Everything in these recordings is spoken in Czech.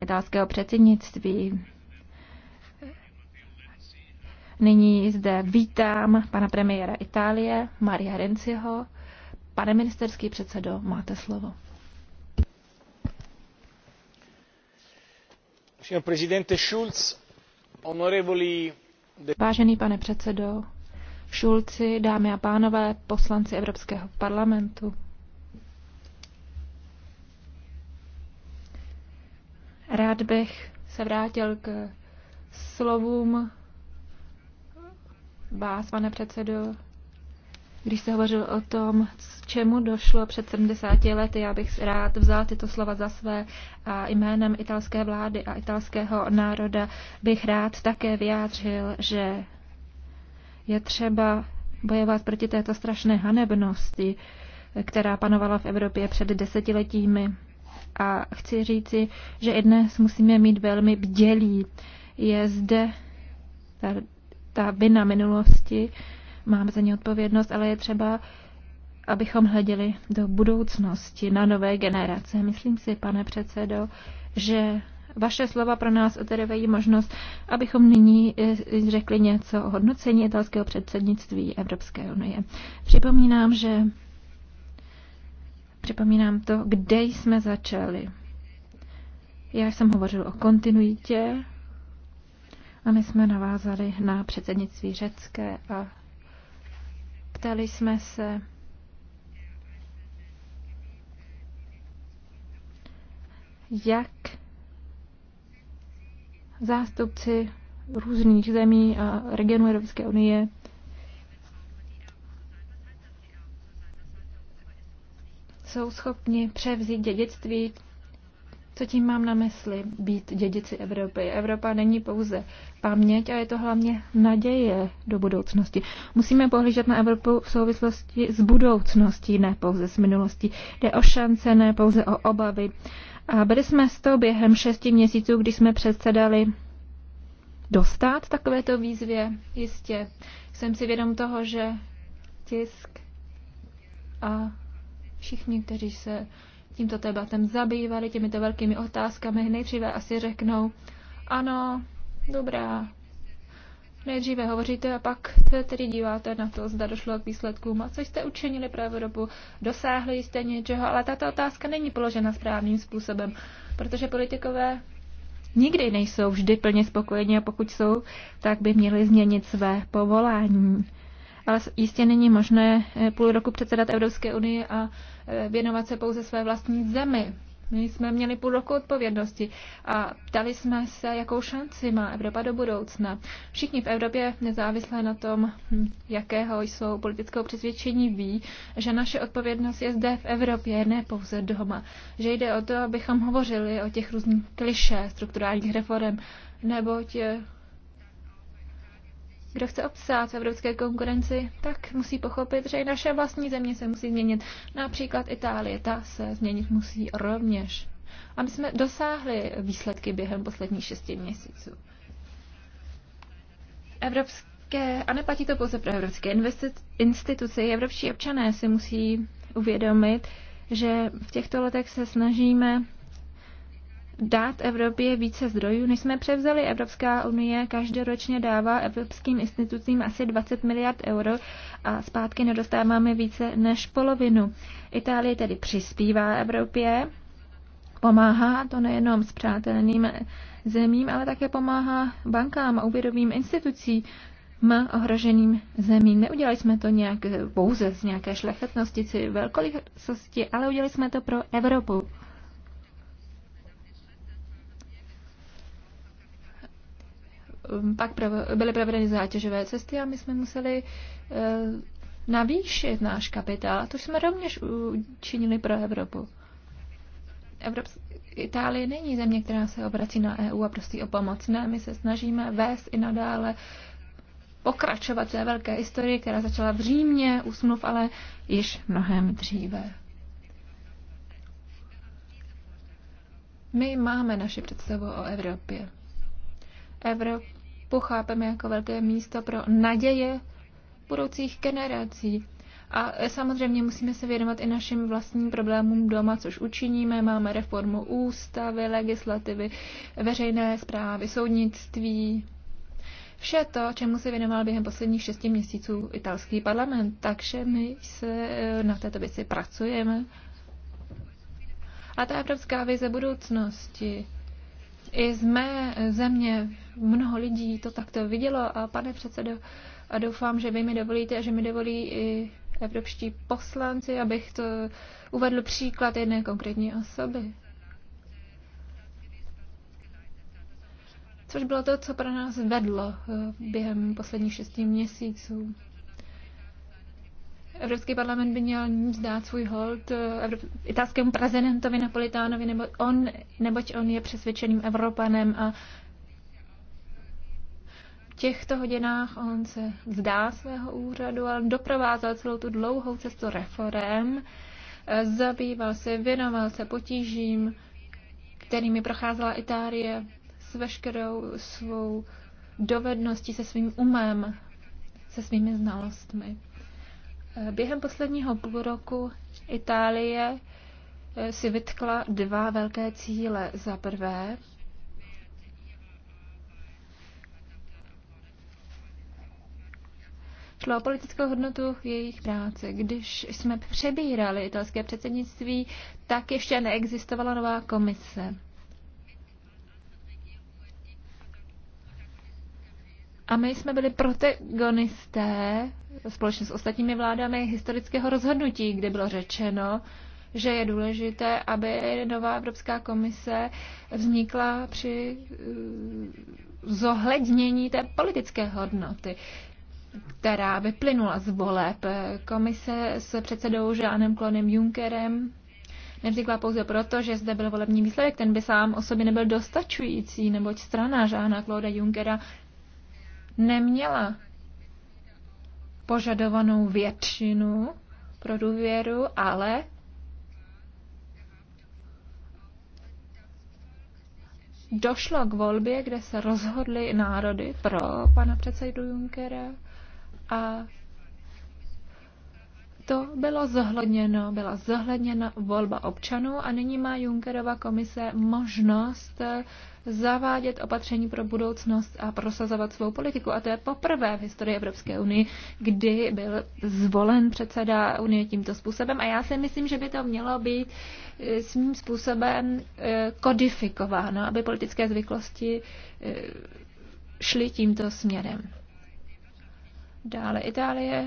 italského předsednictví. Nyní zde vítám pana premiéra Itálie, Maria Renciho. Pane ministerský předsedo, máte slovo. Schulz, honorevoli... Vážený pane předsedo Šulci, dámy a pánové, poslanci Evropského parlamentu, Rád bych se vrátil k slovům vás, pane předsedo, když se hovořil o tom, čemu došlo před 70 lety, já bych rád vzal tyto slova za své a jménem italské vlády a italského národa bych rád také vyjádřil, že je třeba bojovat proti této strašné hanebnosti, která panovala v Evropě před desetiletími a chci říci, že i dnes musíme mít velmi bdělí. Je zde ta, ta vina minulosti, máme za ně odpovědnost, ale je třeba, abychom hleděli do budoucnosti, na nové generace. Myslím si, pane předsedo, že vaše slova pro nás otevírají možnost, abychom nyní eh, řekli něco o hodnocení italského předsednictví Evropské unie. Připomínám, že Připomínám to, kde jsme začali. Já jsem hovořil o kontinuitě a my jsme navázali na předsednictví řecké a ptali jsme se, jak zástupci různých zemí a regionů Evropské unie jsou schopni převzít dědictví. Co tím mám na mysli? Být dědici Evropy. Evropa není pouze paměť a je to hlavně naděje do budoucnosti. Musíme pohlížet na Evropu v souvislosti s budoucností, ne pouze s minulostí. Jde o šance, ne pouze o obavy. A byli jsme s to během šesti měsíců, když jsme předsedali dostat takovéto výzvě. Jistě jsem si vědom toho, že tisk a všichni, kteří se tímto tématem zabývali, těmito velkými otázkami, nejdříve asi řeknou, ano, dobrá, Nejdříve hovoříte a pak se tedy díváte na to, zda došlo k výsledkům a co jste učinili právě dobu, dosáhli jste něčeho, ale tato otázka není položena správným způsobem, protože politikové nikdy nejsou vždy plně spokojeni a pokud jsou, tak by měli změnit své povolání ale jistě není možné eh, půl roku předsedat Evropské unii a eh, věnovat se pouze své vlastní zemi. My jsme měli půl roku odpovědnosti a ptali jsme se, jakou šanci má Evropa do budoucna. Všichni v Evropě, nezávisle na tom, hm, jakého jsou politického přesvědčení, ví, že naše odpovědnost je zde v Evropě, ne pouze doma. Že jde o to, abychom hovořili o těch různých kliše strukturálních reform, neboť eh, kdo chce obsát v evropské konkurenci, tak musí pochopit, že i naše vlastní země se musí změnit. Například Itálie, ta se změnit musí rovněž. A my jsme dosáhli výsledky během posledních šesti měsíců. Evropské, a neplatí to pouze pro evropské instituce, evropští občané si musí uvědomit, že v těchto letech se snažíme dát Evropě více zdrojů, než jsme převzali. Evropská unie každoročně dává evropským institucím asi 20 miliard euro a zpátky nedostáváme více než polovinu. Itálie tedy přispívá Evropě, pomáhá to nejenom s přátelným zemím, ale také pomáhá bankám a úvěrovým institucím ohroženým zemím. Neudělali jsme to nějak pouze z nějaké šlechetnosti či velkolikosti, ale udělali jsme to pro Evropu. Um, pak byly provedeny zátěžové cesty a my jsme museli eh, navýšit náš kapitál. To jsme rovněž učinili pro Evropu. Evropská Itálie není země, která se obrací na EU a prostě o pomoc. Ne, my se snažíme vést i nadále pokračovat té velké historii, která začala v Římě, u smluv, ale již mnohem dříve. My máme naši představu o Evropě. Evropa pochápeme jako velké místo pro naděje budoucích generací. A samozřejmě musíme se věnovat i našim vlastním problémům doma, což učiníme. Máme reformu ústavy, legislativy, veřejné zprávy, soudnictví. Vše to, čemu se věnoval během posledních šesti měsíců italský parlament. Takže my se eh, na této věci pracujeme. A ta evropská vize budoucnosti i z mé země Mnoho lidí to takto vidělo a pane předsedo, a doufám, že vy mi dovolíte a že mi dovolí i evropští poslanci, abych to uvedl příklad jedné konkrétní osoby. Což bylo to, co pro nás vedlo eh, během posledních šesti měsíců. Evropský parlament by měl zdát svůj hold eh, italskému prezidentovi Napolitánovi, nebo on, neboť on je přesvědčeným Evropanem a těchto hodinách on se vzdá svého úřadu, ale doprovázel celou tu dlouhou cestu reform, zabýval se, věnoval se potížím, kterými procházela Itálie s veškerou svou dovedností, se svým umem, se svými znalostmi. Během posledního půl roku Itálie si vytkla dva velké cíle. Za prvé, Šlo o politickou hodnotu jejich práce. Když jsme přebírali italské předsednictví, tak ještě neexistovala nová komise. A my jsme byli protagonisté společně s ostatními vládami historického rozhodnutí, kde bylo řečeno, že je důležité, aby nová Evropská komise vznikla při eh, zohlednění té politické hodnoty která vyplynula z voleb. Komise s předsedou Žánem Klonem Junkerem nevznikla pouze proto, že zde byl volební výsledek, ten by sám o sobě nebyl dostačující, neboť strana Žána Klóda Junkera neměla požadovanou většinu pro důvěru, ale došlo k volbě, kde se rozhodly národy pro pana předsedu Junckera a to bylo zohledněno, byla zohledněna volba občanů a nyní má Junckerova komise možnost zavádět opatření pro budoucnost a prosazovat svou politiku. A to je poprvé v historii Evropské unie, kdy byl zvolen předseda unie tímto způsobem. A já si myslím, že by to mělo být eh, svým způsobem eh, kodifikováno, aby politické zvyklosti eh, šly tímto směrem. Dále Itálie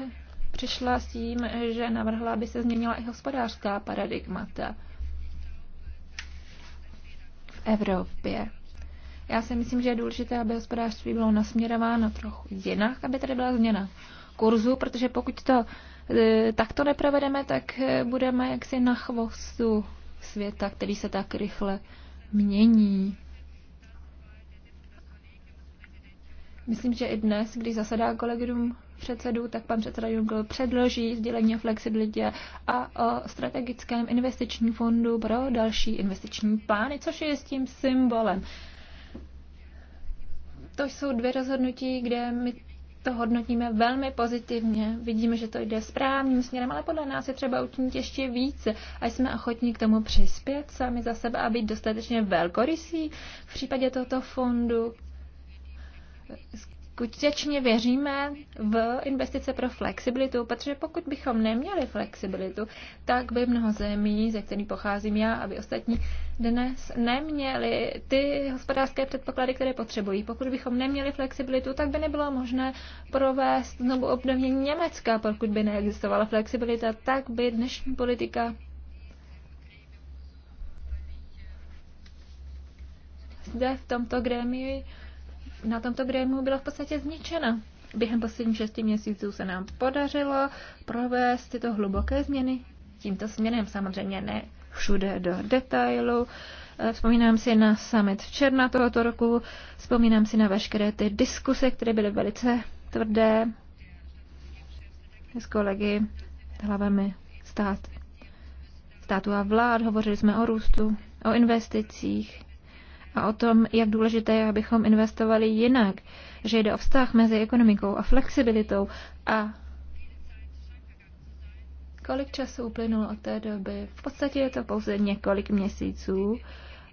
přišla s tím, že navrhla, aby se změnila i hospodářská paradigmata v Evropě. Já si myslím, že je důležité, aby hospodářství bylo nasměrováno trochu jinak, aby tady byla změna kurzu, protože pokud to e, takto neprovedeme, tak e, budeme jaksi na chvostu světa, který se tak rychle mění. Myslím, že i dnes, když zasedá kolegium předsedů, tak pan předseda Juncker předloží sdělení o flexibilitě a o strategickém investičním fondu pro další investiční plány, což je s tím symbolem. To jsou dvě rozhodnutí, kde my to hodnotíme velmi pozitivně. Vidíme, že to jde správným směrem, ale podle nás je třeba učinit ještě více a jsme ochotní k tomu přispět sami za sebe a být dostatečně velkorysí v případě tohoto fondu, skutečně věříme v investice pro flexibilitu, protože pokud bychom neměli flexibilitu, tak by mnoho zemí, ze kterých pocházím já a ostatní, dnes neměli ty hospodářské předpoklady, které potřebují. Pokud bychom neměli flexibilitu, tak by nebylo možné provést znovu obnovení Německa. Pokud by neexistovala flexibilita, tak by dnešní politika zde v tomto grémiu na tomto grému byla v podstatě zničena. Během posledních šesti měsíců se nám podařilo provést tyto hluboké změny tímto směrem. Samozřejmě ne všude do detailu. Eh, vzpomínám si na summit v června tohoto roku, vzpomínám si na veškeré ty diskuse, které byly velice tvrdé s kolegy hlavami stát, státu a vlád. Hovořili jsme o růstu, o investicích, a o tom, jak důležité je, abychom investovali jinak, že jde o vztah mezi ekonomikou a flexibilitou a kolik času uplynulo od té doby. V podstatě je to pouze několik měsíců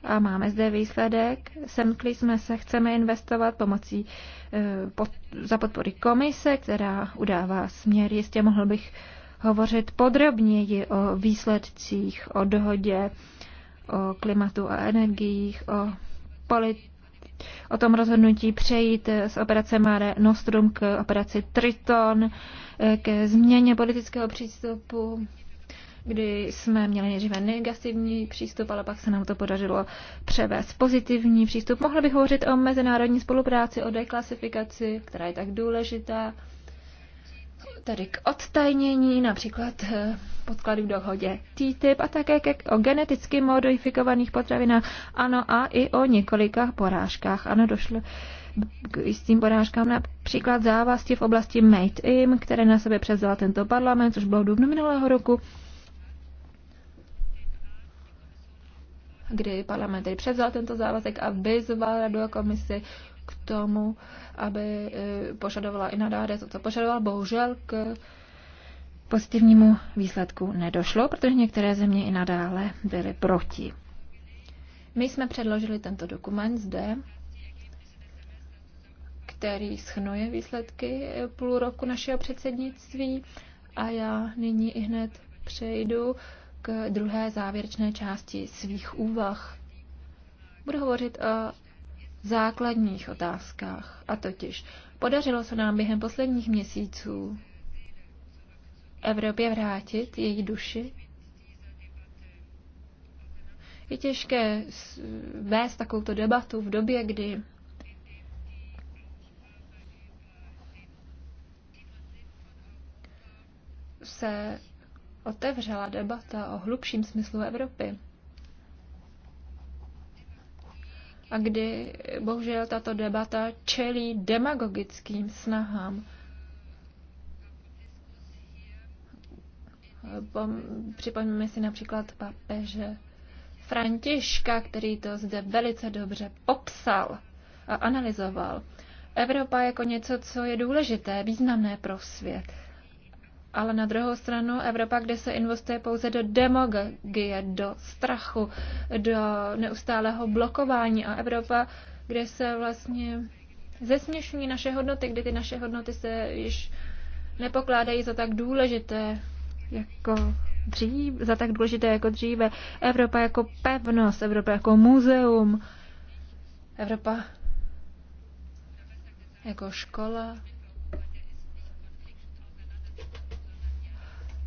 a máme zde výsledek. Semkli jsme se, chceme investovat pomocí eh, pod, za podpory komise, která udává směr. Jistě mohl bych hovořit podrobněji o výsledcích, o dohodě, o klimatu a energiích, o polit, o tom rozhodnutí přejít z operace Mare Nostrum k operaci Triton, eh, ke změně politického přístupu, kdy jsme měli nejdříve negativní přístup, ale pak se nám to podařilo převést pozitivní přístup. Mohla bych hovořit o mezinárodní spolupráci, o deklasifikaci, která je tak důležitá tedy k odtajnění například eh, podklady v dohodě TTIP a také ke, o geneticky modifikovaných potravinách. Ano a i o několika porážkách. Ano, došlo k jistým porážkám, například závazky v oblasti Made in, které na sebe převzal tento parlament, což bylo v dubnu minulého roku. kdy parlament tedy převzal tento závazek a vyzval radu a komisi k tomu, aby e, požadovala i nadále to, co požadovala. Bohužel k pozitivnímu výsledku nedošlo, protože některé země i nadále byly proti. My jsme předložili tento dokument zde, který schnuje výsledky půl roku našeho předsednictví a já nyní i hned přejdu k druhé závěrečné části svých úvah. Budu hovořit o základních otázkách. A totiž podařilo se nám během posledních měsíců Evropě vrátit její duši? Je těžké vést takovouto debatu v době, kdy se otevřela debata o hlubším smyslu Evropy. a kdy bohužel tato debata čelí demagogickým snahám. Připomněme si například papeže Františka, který to zde velice dobře popsal a analyzoval. Evropa jako něco, co je důležité, významné pro svět ale na druhou stranu Evropa, kde se investuje pouze do demagogie, do strachu, do neustálého blokování a Evropa, kde se vlastně zesměšní naše hodnoty, kde ty naše hodnoty se již nepokládají za tak důležité jako dřív, za tak důležité jako dříve. Evropa jako pevnost, Evropa jako muzeum, Evropa jako škola,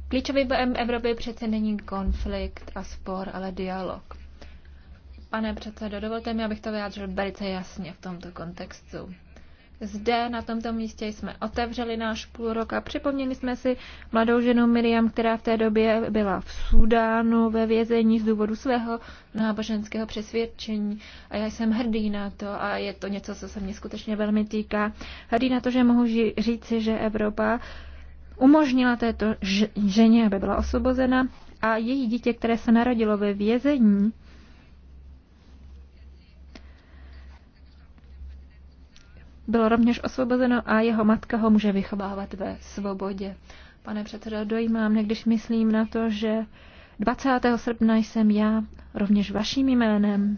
Klíčovým bojem Evropy přece není konflikt a spor, ale dialog. Pane předsedo, dovolte mi, abych to vyjádřil velice jasně v tomto kontextu. Zde, na tomto místě, jsme otevřeli náš půl rok a připomněli jsme si mladou ženu Miriam, která v té době byla v Sudánu ve vězení z důvodu svého náboženského přesvědčení. A já jsem hrdý na to a je to něco, co se mě skutečně velmi týká. Hrdý na to, že mohu říci, že Evropa umožnila této ženě, aby byla osvobozena a její dítě, které se narodilo ve vězení, bylo rovněž osvobozeno a jeho matka ho může vychovávat ve svobodě. Pane předsedo, dojímám, když myslím na to, že 20. srpna jsem já rovněž vaším jménem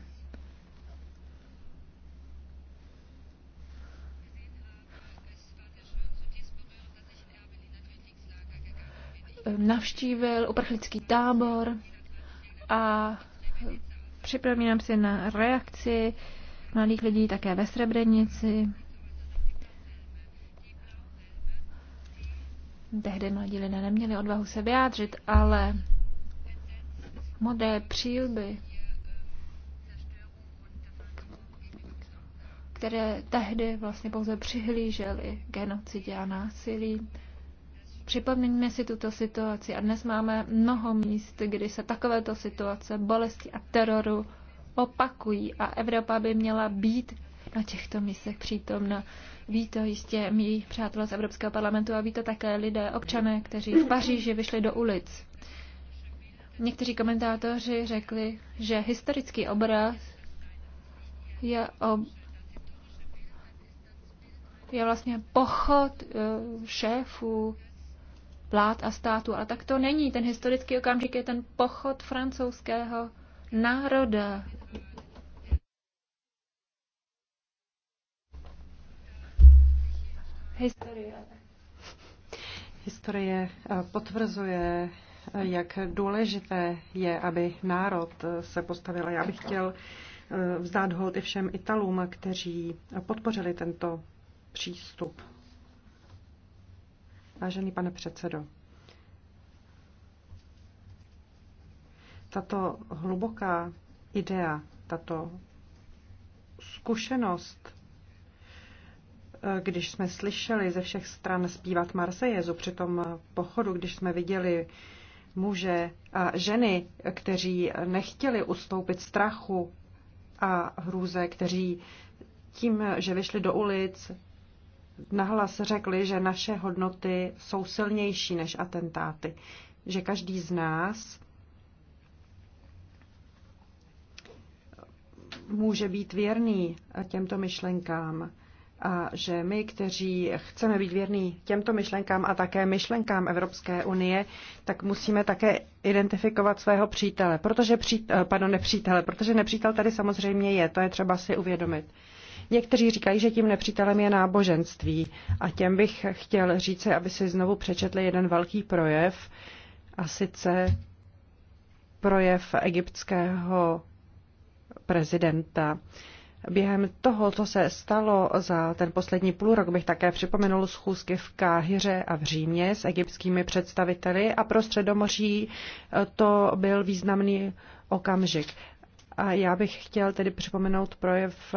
navštívil uprchlický tábor a připomínám si na reakci mladých lidí také ve Srebrenici. Tehdy mladí lidé neměli odvahu se vyjádřit, ale modé přílby, které tehdy vlastně pouze přihlíželi genocidě a násilí, Připomeňme si tuto situaci a dnes máme mnoho míst, kdy se takovéto situace bolesti a teroru opakují a Evropa by měla být na těchto místech přítomna. Ví to jistě mý přátelé z Evropského parlamentu a ví to také lidé, občané, kteří v Paříži vyšli do ulic. Někteří komentátoři řekli, že historický obraz je, ob... je vlastně pochod eh, šéfů vlád a států. Ale tak to není. Ten historický okamžik je ten pochod francouzského národa. Historie. Historie eh, potvrzuje, eh, jak důležité je, aby národ eh, se postavil. Já bych chtěl vzdát hold i všem Italům, kteří podpořili tento přístup Vážený pane předsedo, tato hluboká idea, tato zkušenost, eh, když jsme slyšeli ze všech stran zpívat Marsejezu při tom pochodu, když jsme viděli muže a ženy, kteří nechtěli ustoupit strachu a hrůze, kteří tím, že vyšli do ulic, nahlas řekli, že naše hodnoty jsou silnější než atentáty. Že každý z nás může být věrný těmto myšlenkám a že my, kteří chceme být věrní těmto myšlenkám a také myšlenkám Evropské unie, tak musíme také identifikovat svého přítele, protože přítel, pardon, nepřítele, protože nepřítel tady samozřejmě je, to je třeba si uvědomit. Někteří říkají, že tím nepřítelem je náboženství a těm bych chtěl říci, aby si znovu přečetli jeden velký projev a sice projev egyptského prezidenta. Během toho, co se stalo za ten poslední půl rok, bych také připomenul schůzky v Káhyře a v Římě s egyptskými představiteli a pro Středomoří eh, to byl významný okamžik. A já bych chtěl tedy připomenout projev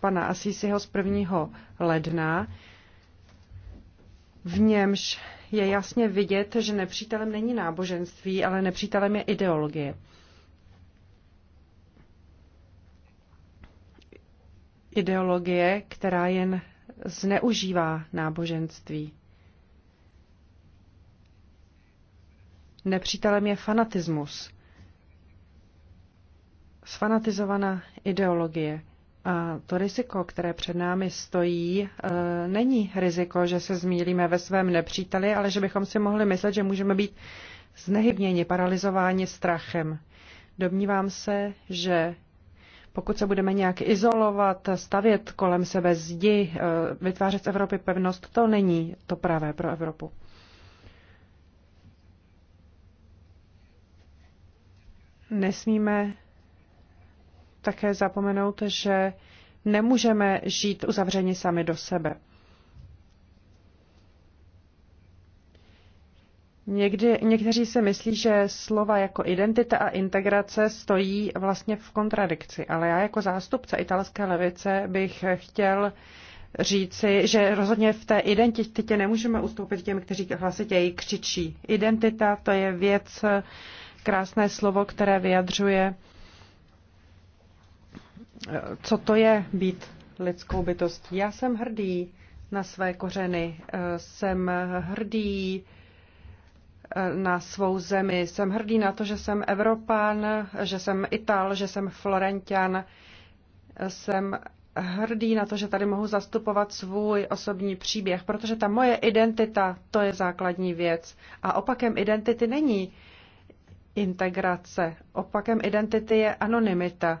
pana Asisiho z 1. ledna, v němž je jasně vidět, že nepřítelem není náboženství, ale nepřítelem je ideologie. Ideologie, která jen zneužívá náboženství. Nepřítelem je fanatismus, sfanatizovaná ideologie to riziko, které před námi stojí, e, není riziko, že se zmílíme ve svém nepříteli, ale že bychom si mohli myslet, že můžeme být znehybněni, paralizováni strachem. Domnívám se, že pokud se budeme nějak izolovat, stavět kolem sebe zdi, e, vytvářet z Evropy pevnost, to není to pravé pro Evropu. Nesmíme také zapomenout, že nemůžeme žít uzavřeni sami do sebe. Někdy, někteří si myslí, že slova jako identita a integrace stojí vlastně v kontradikci, ale já jako zástupce italské levice bych chtěl říci, že rozhodně v té identitě nemůžeme ustoupit těm, kteří hlasitěji křičí. Identita to je věc, krásné slovo, které vyjadřuje co to je být lidskou bytostí. Já jsem hrdý na své kořeny, jsem hrdý eh, na svou zemi, jsem hrdý na to, že jsem Evropán, že jsem Ital, že jsem Florentian, jsem hrdý na to, že tady mohu zastupovat svůj osobní příběh, protože ta moje identita, to je základní věc. A opakem identity není integrace. Opakem identity je anonymita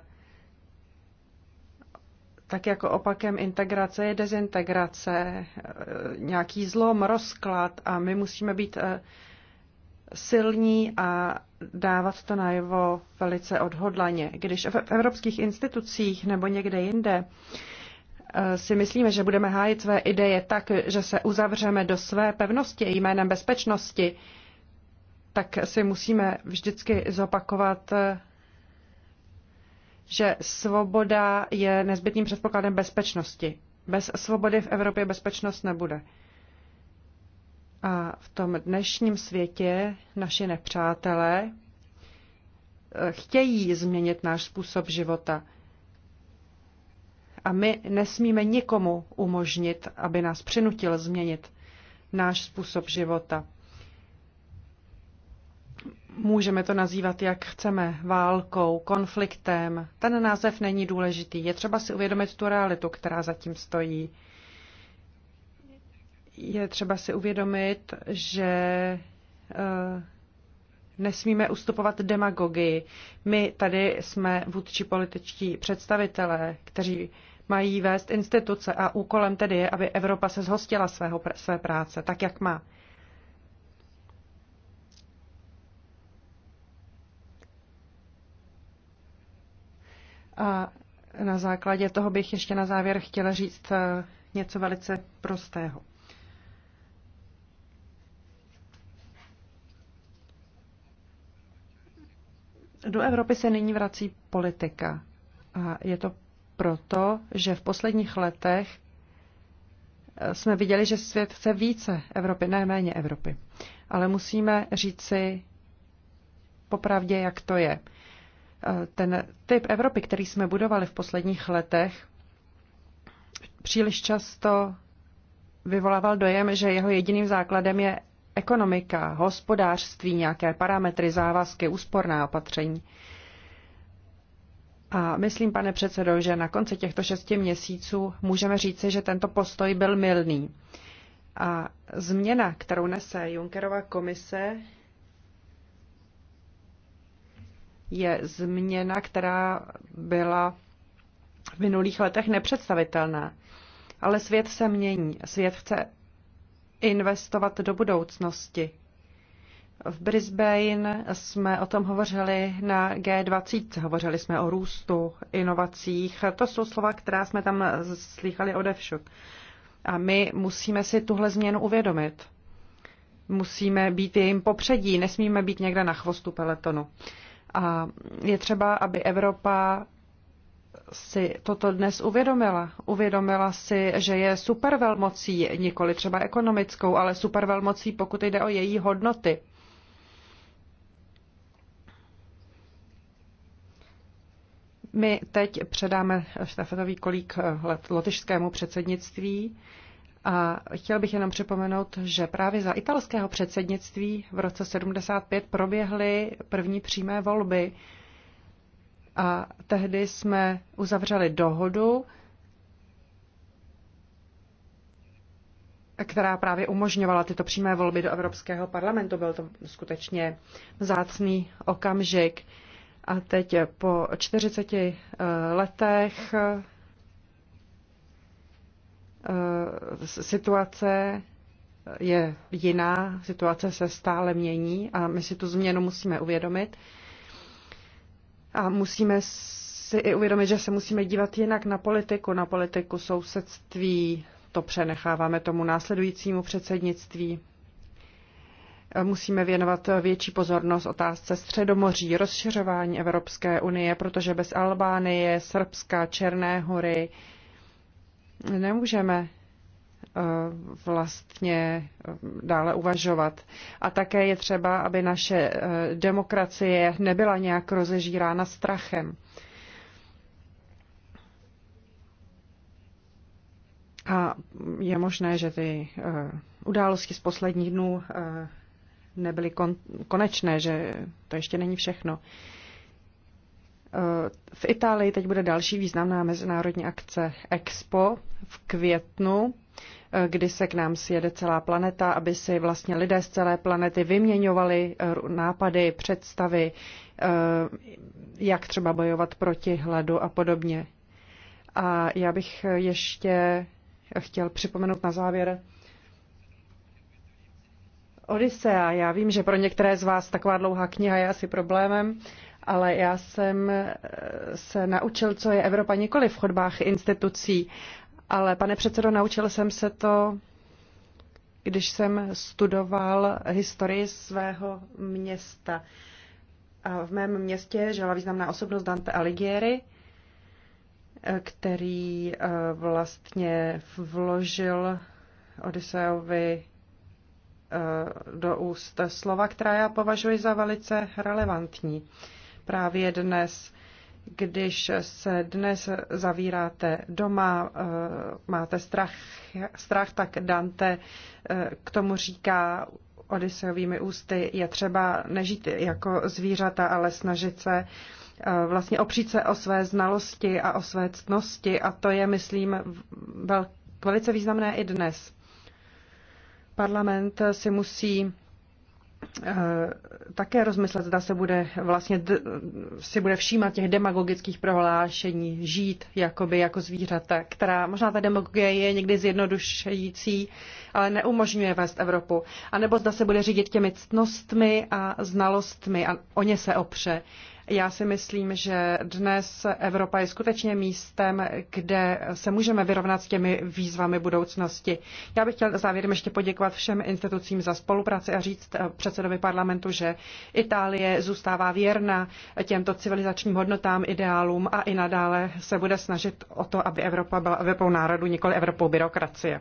tak jako opakem integrace je dezintegrace, e, nějaký zlom, rozklad a my musíme být e, silní a dávat to najevo velice odhodlaně. Když v evropských institucích nebo někde jinde e, si myslíme, že budeme hájit své ideje tak, že se uzavřeme do své pevnosti jménem bezpečnosti, tak si musíme vždycky zopakovat že svoboda je nezbytným předpokladem bezpečnosti. Bez svobody v Evropě bezpečnost nebude. A v tom dnešním světě naši nepřátelé eh, chtějí změnit náš způsob života. A my nesmíme nikomu umožnit, aby nás přinutil změnit náš způsob života. Můžeme to nazývat, jak chceme, válkou, konfliktem. Ten název není důležitý. Je třeba si uvědomit tu realitu, která zatím stojí. Je třeba si uvědomit, že eh, nesmíme ustupovat demagogii. My tady jsme vůdčí političtí představitelé, kteří mají vést instituce a úkolem tedy je, aby Evropa se zhostila svého, své práce tak, jak má. A na základě toho bych ještě na závěr chtěla říct eh, něco velice prostého. Do Evropy se nyní vrací politika. A je to proto, že v posledních letech eh, jsme viděli, že svět chce více Evropy, ne méně Evropy. Ale musíme říci popravdě, jak to je ten typ Evropy, který jsme budovali v posledních letech, příliš často vyvolával dojem, že jeho jediným základem je ekonomika, hospodářství, nějaké parametry, závazky, úsporná opatření. A myslím, pane předsedo, že na konci těchto šesti měsíců můžeme říci, že tento postoj byl milný. A změna, kterou nese Junckerova komise, je změna, která byla v minulých letech nepředstavitelná. Ale svět se mění. Svět chce investovat do budoucnosti. V Brisbane jsme o tom hovořili na G20, hovořili jsme o růstu, inovacích. To jsou slova, která jsme tam slychali odevšud. A my musíme si tuhle změnu uvědomit. Musíme být jejím popředí, nesmíme být někde na chvostu peletonu. A je třeba, aby Evropa si toto dnes uvědomila. Uvědomila si, že je supervelmocí, nikoli třeba ekonomickou, ale supervelmocí, pokud jde o její hodnoty. My teď předáme štafetový kolík lotyšskému předsednictví. A chtěl bych jenom připomenout, že právě za italského předsednictví v roce 75 proběhly první přímé volby. A tehdy jsme uzavřeli dohodu, která právě umožňovala tyto přímé volby do Evropského parlamentu. Byl to skutečně vzácný okamžik. A teď po 40 letech Eh, situace je jiná, situace se stále mění a my si tu změnu musíme uvědomit. A musíme si i uvědomit, že se musíme dívat jinak na politiku, na politiku sousedství, to přenecháváme tomu následujícímu předsednictví. Eh, musíme věnovat větší pozornost otázce Středomoří, rozšiřování Evropské unie, protože bez Albánie, Srbska, Černé hory, nemůžeme eh, vlastně eh, dále uvažovat. A také je třeba, aby naše eh, demokracie nebyla nějak rozežírána strachem. A je možné, že ty události z posledních dnů nebyly konečné, že to ještě není všechno. V Itálii teď bude další významná mezinárodní akce Expo v květnu, eh, kdy se k nám sjede celá planeta, aby si vlastně lidé z celé planety vyměňovali eh, nápady, představy, eh, jak třeba bojovat proti hladu a podobně. A já bych ještě chtěl připomenout na závěr Odisea. Já vím, že pro některé z vás taková dlouhá kniha je asi problémem, ale já jsem eh, se naučil, co je Evropa nikoli v chodbách institucí. Ale pane předsedo, naučil jsem se to, když jsem studoval historii svého města. A v mém městě žila významná osobnost Dante Alighieri, eh, který eh, vlastně vložil Odiseovi do úst slova, která já považuji za velice relevantní právě dnes. Když se dnes zavíráte doma, eh, máte strach, strach tak Dante eh, k tomu říká Odysseovými ústy, je třeba nežít jako zvířata, ale snažit se eh, vlastně opřít se o své znalosti a o své ctnosti a to je, myslím, velice významné i dnes. Parlament si musí Eh, také rozmyslet, zda se bude vlastně si bude všímat těch demagogických prohlášení, žít jakoby jako zvířata, která možná ta demagogie je někdy zjednodušující, ale neumožňuje vést Evropu. A nebo zda se bude řídit těmi ctnostmi a znalostmi a o ně se opře. Já si myslím, že dnes Evropa je skutečně místem, kde se můžeme vyrovnat s těmi výzvami budoucnosti. Já bych chtěl závěrem ještě poděkovat všem institucím za spolupráci a říct předsedovi parlamentu, že Itálie zůstává věrna těmto civilizačním hodnotám, ideálům a i nadále se bude snažit o to, aby Evropa byla Evropou národů, nikoli Evropou byrokracie.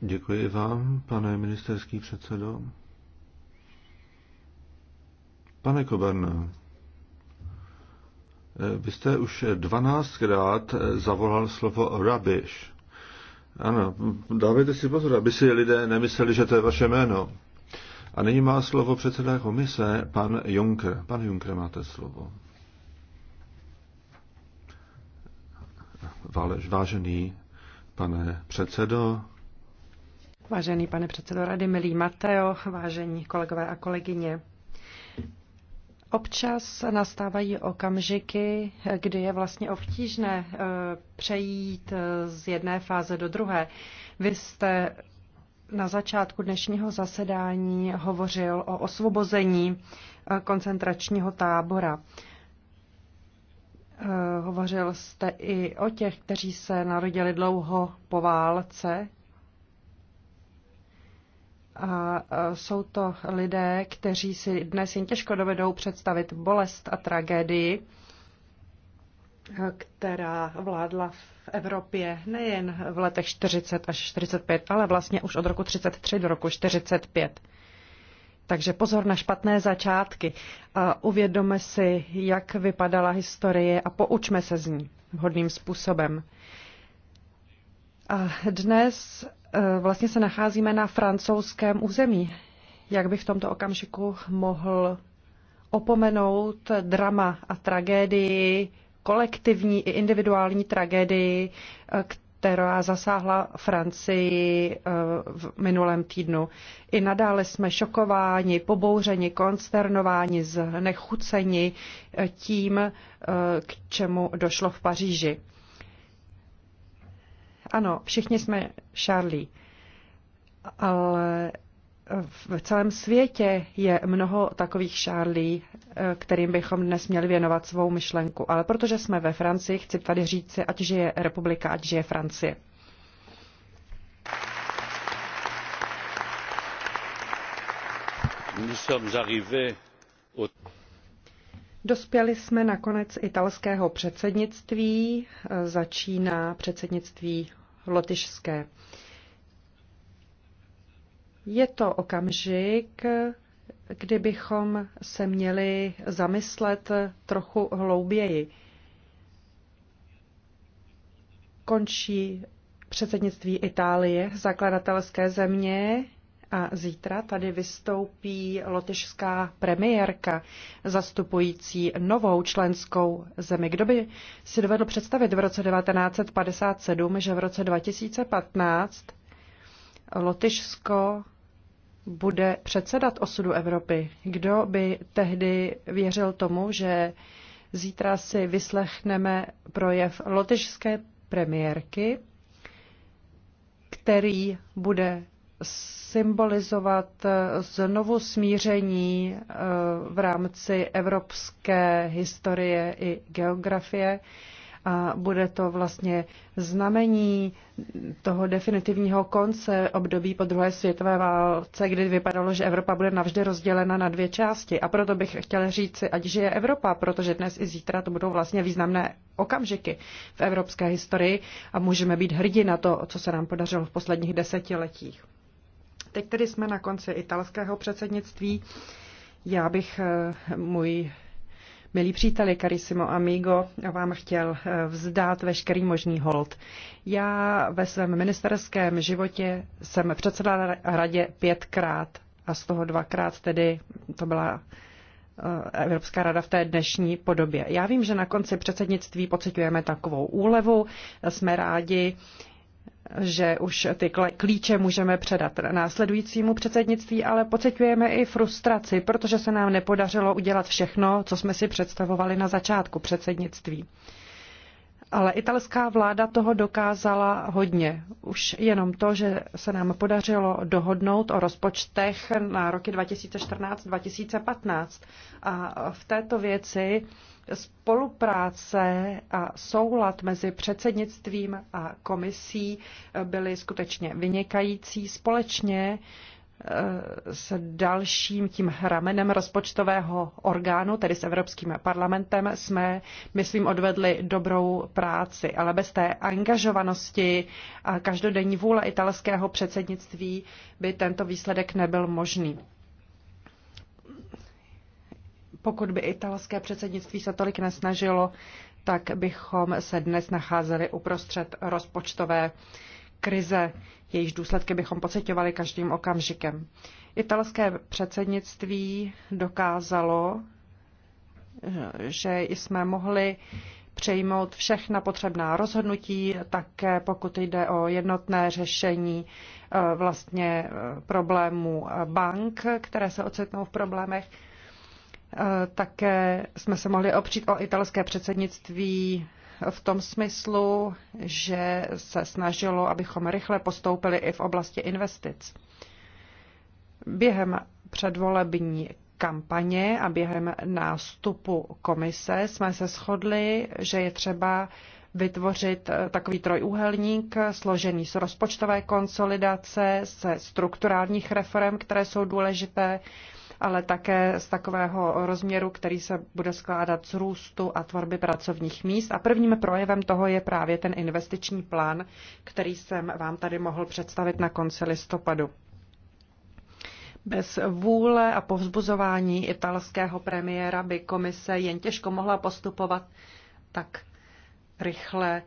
Děkuji vám, pane ministerský předsedo. Pane Koberno, vy jste už 12krát zavolal slovo rubbish. Ano, dávejte si pozor, aby si lidé nemysleli, že to je vaše jméno. A nyní má slovo předseda komise, pan Juncker. Pan Juncker, máte slovo. vážený pane předsedo. Vážený pane předsedo rady, milý Mateo, vážení kolegové a kolegyně. Občas nastávají okamžiky, kdy je vlastně obtížné eh, přejít eh, z jedné fáze do druhé. Vy jste na začátku dnešního zasedání hovořil o osvobození eh, koncentračního tábora. Eh, hovořil jste i o těch, kteří se narodili dlouho po válce. A eh, jsou to lidé, kteří si dnes jen těžko dovedou představit bolest a tragédii, eh, která vládla v Evropě nejen v letech 40 až 45, ale vlastně už od roku 33 do roku 45. Takže pozor na špatné začátky a uvědomme si, jak vypadala historie a poučme se z ní vhodným způsobem. A dnes e, vlastně se nacházíme na francouzském území. Jak bych v tomto okamžiku mohl opomenout drama a tragédii, kolektivní i individuální tragédii, e, která zasáhla Francii eh, v minulém týdnu. I nadále jsme šokováni, pobouřeni, konsternováni, znechuceni eh, tím, eh, k čemu došlo v Paříži. Ano, všichni jsme Charlie, ale v celém světě je mnoho takových šárlí, eh, kterým bychom dnes měli věnovat svou myšlenku. Ale protože jsme ve Francii, chci tady říct, ať žije republika, ať žije Francie. Dospěli jsme na konec italského předsednictví, eh, začíná předsednictví lotyšské. Je to okamžik, kdybychom se měli zamyslet trochu hlouběji. Končí předsednictví Itálie, zakladatelské země, a zítra tady vystoupí lotyšská premiérka zastupující novou členskou zemi. Kdo by si dovedl představit v roce 1957, že v roce 2015 Lotyšsko bude předsedat osudu Evropy? Kdo by tehdy věřil tomu, že zítra si vyslechneme projev lotyšské premiérky, který bude symbolizovat znovu smíření eh, v rámci evropské historie i geografie, a bude to vlastně znamení toho definitivního konce období po druhé světové válce, kdy vypadalo, že Evropa bude navždy rozdělena na dvě části. A proto bych chtěla říct, si, ať žije Evropa, protože dnes i zítra to budou vlastně významné okamžiky v evropské historii a můžeme být hrdí na to, co se nám podařilo v posledních desetiletích. Teď tedy jsme na konci italského předsednictví. Já bych eh, můj Milí příteli, carissimo amigo, vám chtěl eh, vzdát veškerý možný hold. Já ve svém ministerském životě jsem předsedala radě pětkrát a z toho dvakrát tedy to byla eh, Evropská rada v té dnešní podobě. Já vím, že na konci předsednictví pocitujeme takovou úlevu, jsme rádi, že už ty klíče můžeme předat následujícímu předsednictví, ale pocitujeme i frustraci, protože se nám nepodařilo udělat všechno, co jsme si představovali na začátku předsednictví. Ale italská vláda toho dokázala hodně. Už jenom to, že se nám podařilo dohodnout o rozpočtech na roky 2014-2015. A v této věci Spolupráce a soulad mezi předsednictvím a komisí byly skutečně vynikající. Společně eh, s dalším tím ramenem rozpočtového orgánu, tedy s Evropským parlamentem, jsme, myslím, odvedli dobrou práci. Ale bez té angažovanosti a každodenní vůle italského předsednictví by tento výsledek nebyl možný pokud by italské předsednictví se tolik nesnažilo, tak bychom se dnes nacházeli uprostřed rozpočtové krize, jejíž důsledky bychom pocitovali každým okamžikem. Italské předsednictví dokázalo, že jsme mohli přejmout všechna potřebná rozhodnutí, také pokud jde o jednotné řešení eh, vlastně eh, problémů eh, bank, které se ocitnou v problémech. Eh, také jsme se mohli opřít o italské předsednictví v tom smyslu, že se snažilo, abychom rychle postoupili i v oblasti investic. Během předvolební kampaně a během nástupu komise jsme se shodli, že je třeba vytvořit eh, takový trojúhelník složený z rozpočtové konsolidace, se strukturálních reform, které jsou důležité, ale také z takového rozměru, který se bude skládat z růstu a tvorby pracovních míst. A prvním projevem toho je právě ten investiční plán, který jsem vám tady mohl představit na konci listopadu. Bez vůle a povzbuzování italského premiéra by komise jen těžko mohla postupovat tak rychle,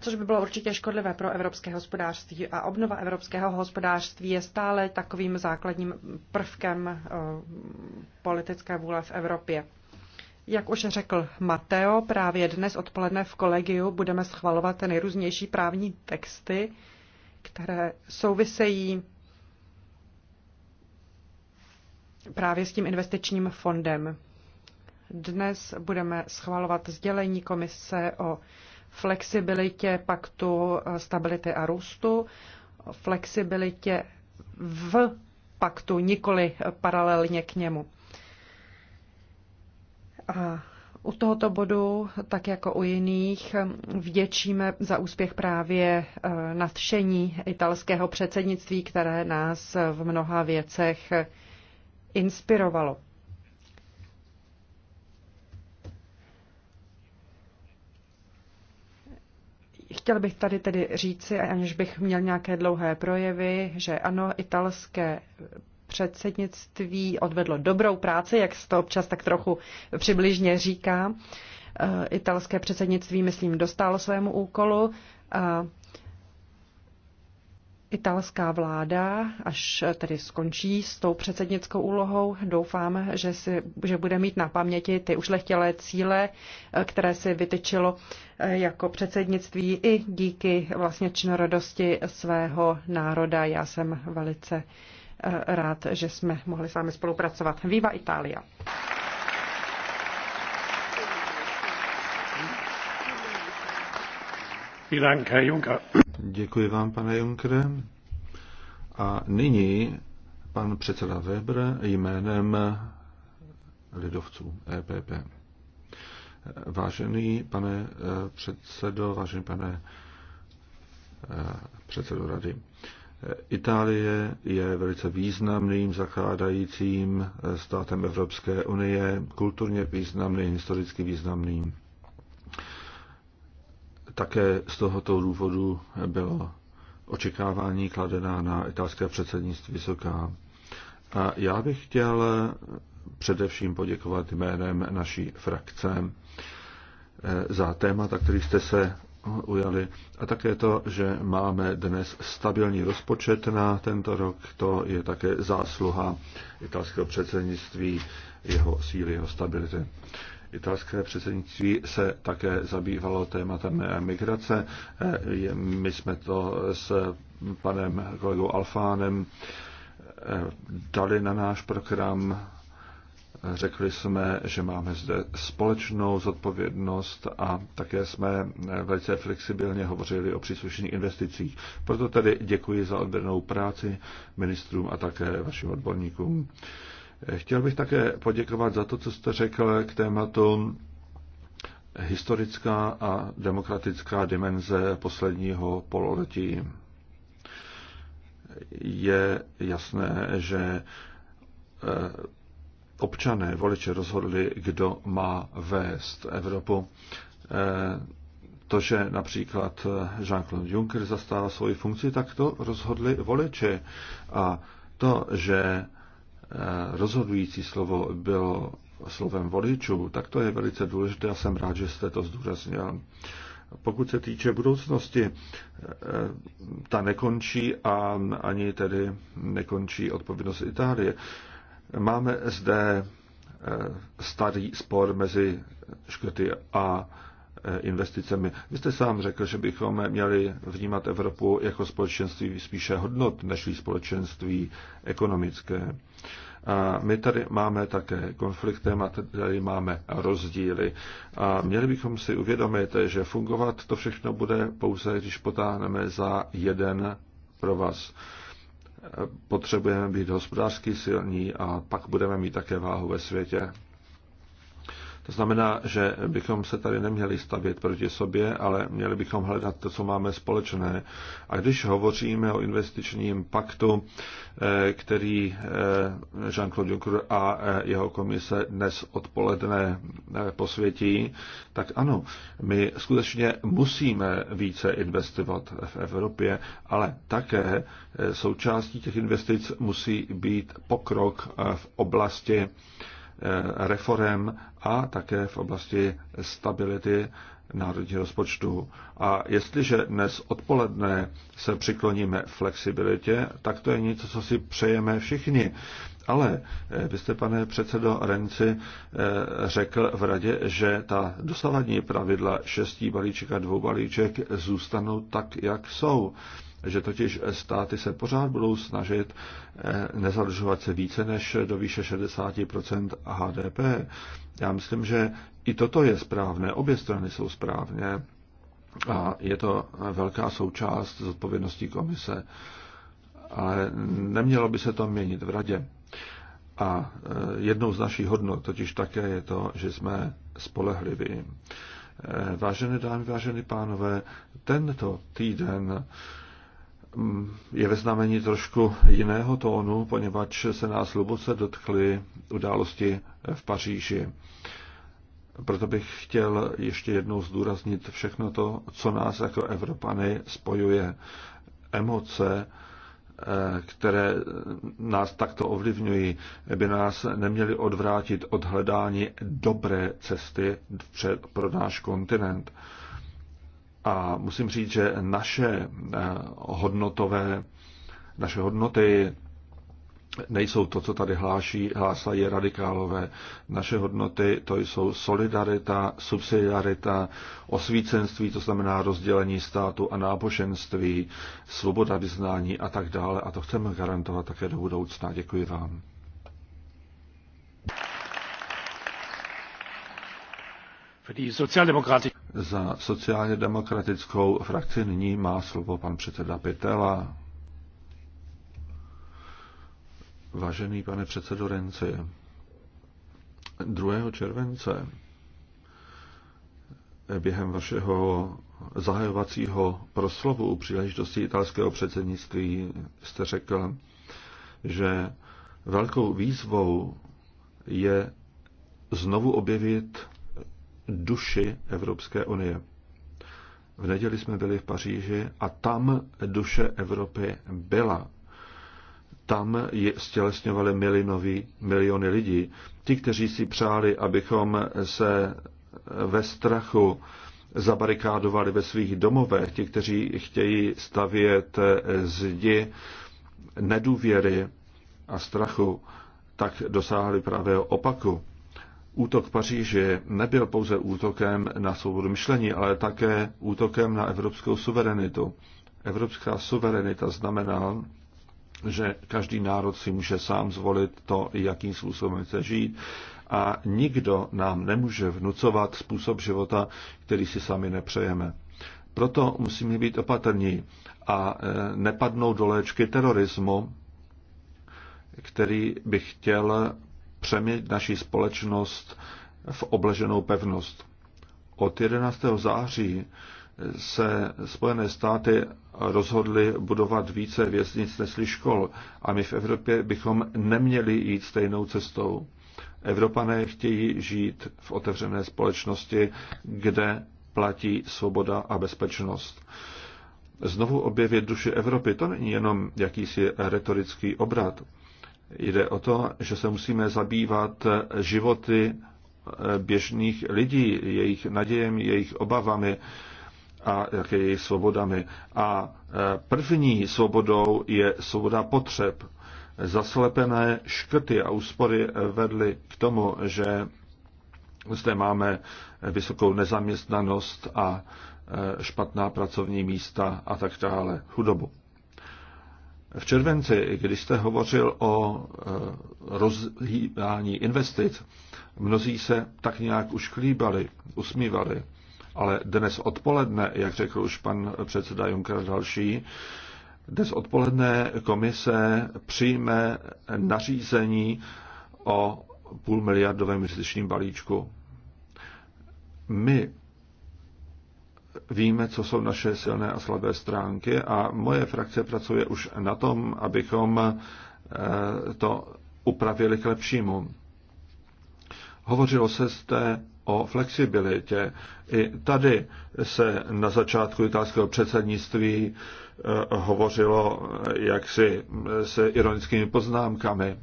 což by bylo určitě škodlivé pro evropské hospodářství. A obnova evropského hospodářství je stále takovým základním prvkem eh, politické vůle v Evropě. Jak už řekl Mateo, právě dnes odpoledne v kolegiu budeme schvalovat nejrůznější právní texty, které souvisejí právě s tím investičním fondem. Dnes budeme schvalovat sdělení komise o flexibilitě paktu eh, stability a růstu, flexibilitě v paktu, nikoli eh, paralelně k němu. A u tohoto bodu, tak jako u jiných, vděčíme za úspěch právě eh, nadšení italského předsednictví, které nás v mnoha věcech inspirovalo. Chtěl bych tady tedy říci, aniž bych měl nějaké dlouhé projevy, že ano, italské předsednictví odvedlo dobrou práci, jak se to občas tak trochu přibližně říká. Eh, italské předsednictví, myslím, dostalo svému úkolu Italská vláda, až tedy skončí s tou předsednickou úlohou, doufám, že, si, že bude mít na paměti ty ušlechtilé cíle, které si vytyčilo eh, jako předsednictví i díky vlastně činorodosti svého národa. Já jsem velice eh, rád, že jsme mohli s vámi spolupracovat. Viva Itália! Vielen Dank, Herr Juncker. Děkuji vám, pane Junkere. A nyní pan předseda Weber jménem lidovců EPP. Vážený pane eh, předsedo, vážený pane eh, předsedo rady. Eh, Itálie je velice významným zakládajícím státem Evropské unie, kulturně významným, historicky významným. Také z tohoto důvodu bylo očekávání kladená na italské předsednictví vysoká. A já bych chtěl především poděkovat jménem naší frakce eh, za témata, který jste se ujali. A také to, že máme dnes stabilní rozpočet na tento rok, to je také zásluha italského předsednictví, jeho síly, jeho stability. Italské předsednictví se také zabývalo tématem migrace. My jsme to s panem kolegou Alfánem eh, dali na náš program. Řekli jsme, že máme zde společnou zodpovědnost a také jsme eh, velice flexibilně hovořili o příslušných investicích. Proto tedy děkuji za odbernou práci ministrům a také vašim odborníkům. Chtěl bych také poděkovat za to, co jste řekl k tématu historická a demokratická dimenze posledního pololetí. Je jasné, že eh, občané, voliči rozhodli, kdo má vést Evropu. Eh, to, že například Jean-Claude Juncker zastává svoji funkci, tak to rozhodli voliči. A to, že Eh, rozhodující slovo bylo slovem voličů, tak to je velice důležité a jsem rád, že jste to zdůraznil. Pokud se týče budoucnosti, eh, ta nekončí a ani tedy nekončí odpovědnost Itálie. Máme zde eh, starý spor mezi škrty a investicemi. Vy jste sám řekl, že bychom měli vnímat Evropu jako společenství spíše hodnot než společenství ekonomické. A my tady máme také konflikty a tady máme rozdíly. A měli bychom si uvědomit, že fungovat to všechno bude pouze, když potáhneme za jeden pro vás. Potřebujeme být hospodářsky silní a pak budeme mít také váhu ve světě. To znamená, že bychom se tady neměli stavět proti sobě, ale měli bychom hledat to, co máme společné. A když hovoříme o investičním paktu, eh, který eh, Jean-Claude Juncker a eh, jeho komise dnes odpoledne posvětí, tak ano, my skutečně musíme více investovat v Evropě, ale také součástí těch investic musí být pokrok v oblasti Eh, reform a také v oblasti stability národního rozpočtu. A jestliže dnes odpoledne se přikloníme flexibilitě, tak to je něco, co si přejeme všichni. Ale eh, vy jste, pane předsedo Renci, eh, řekl v radě, že ta dosavadní pravidla šestí balíček a dvou balíček zůstanou tak, jak jsou že totiž státy se pořád budou snažit eh, nezadržovat se více než do výše 60% HDP. Já myslím, že i toto je správné, obě strany jsou správně a je to velká součást zodpovědnosti komise. Ale nemělo by se to měnit v radě. A eh, jednou z našich hodnot totiž také je to, že jsme spolehliví. Eh, vážené dámy, vážení pánové, tento týden Mm, je ve znamení trošku jiného tónu, poněvadž se nás hluboce dotkly události v Paříži. Proto bych chtěl ještě jednou zdůraznit všechno to, co nás jako Evropany spojuje. Emoce, eh, které nás takto ovlivňují, by nás neměly odvrátit od hledání dobré cesty pro náš kontinent. A musím říct, že naše eh, hodnotové, naše hodnoty nejsou to, co tady hláší, hlásají radikálové. Naše hodnoty to jsou solidarita, subsidiarita, osvícenství, to znamená rozdělení státu a náboženství, svoboda vyznání a tak dále. A to chceme garantovat také do budoucna. Děkuji vám. Za sociálně demokratickou frakci nyní má slovo pan předseda Pitela. Vážený pane předsedo Renci, 2. července během vašeho zahajovacího proslovu u příležitosti italského předsednictví jste řekl, že velkou výzvou je znovu objevit duši Evropské unie. V neděli jsme byli v Paříži a tam duše Evropy byla. Tam je stělesňovali milinoví, miliony lidí. Ti, kteří si přáli, abychom se ve strachu zabarikádovali ve svých domovech, ti, kteří chtějí stavět zdi nedůvěry a strachu, tak dosáhli právě opaku. Útok Paříže nebyl pouze útokem na svobodu myšlení, ale také útokem na evropskou suverenitu. Evropská suverenita znamená, že každý národ si může sám zvolit to, jakým způsobem chce žít a nikdo nám nemůže vnucovat způsob života, který si sami nepřejeme. Proto musíme být opatrní a e, nepadnou do léčky terorismu, který by chtěl přeměnit naši společnost v obleženou pevnost. Od 11. září se Spojené státy rozhodly budovat více věznic než škol a my v Evropě bychom neměli jít stejnou cestou. Evropané chtějí žít v otevřené společnosti, kde platí svoboda a bezpečnost. Znovu objevit duši Evropy, to není jenom jakýsi retorický obrat. Jde o to, že se musíme zabývat životy eh, běžných lidí, jejich nadějemi, jejich obavami a jaké jejich svobodami. A eh, první svobodou je svoboda potřeb. Zaslepené škrty a úspory vedly k tomu, že zde máme vysokou nezaměstnanost a eh, špatná pracovní místa a tak dále, chudobu. V červenci, když jste hovořil o eh, rozhýbání investic, mnozí se tak nějak už klíbali, usmívali. Ale dnes odpoledne, jak řekl už pan předseda Juncker další, dnes odpoledne komise přijme nařízení o půl miliardovém investičním balíčku. My víme, co jsou naše silné a slabé stránky a moje frakce pracuje už na tom, abychom eh, to upravili k lepšímu. Hovořilo se zde o flexibilitě. I tady se na začátku italského předsednictví eh, hovořilo eh, jaksi se ironickými poznámkami.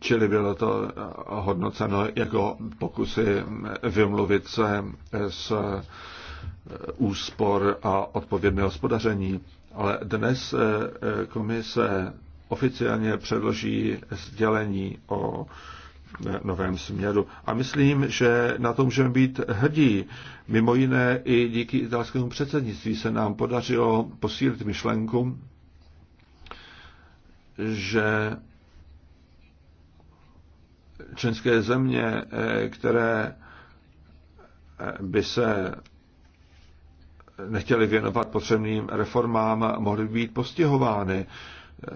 Čili bylo to hodnoceno jako pokusy vymluvit se z úspor a odpovědné hospodaření. Ale dnes eh, komise oficiálně předloží sdělení o eh, novém směru. A myslím, že na to můžeme být hrdí. Mimo jiné i díky italskému předsednictví se nám podařilo posílit myšlenku, že členské země, eh, které eh, by se nechtěli věnovat potřebným reformám, mohly být postihovány. Eh,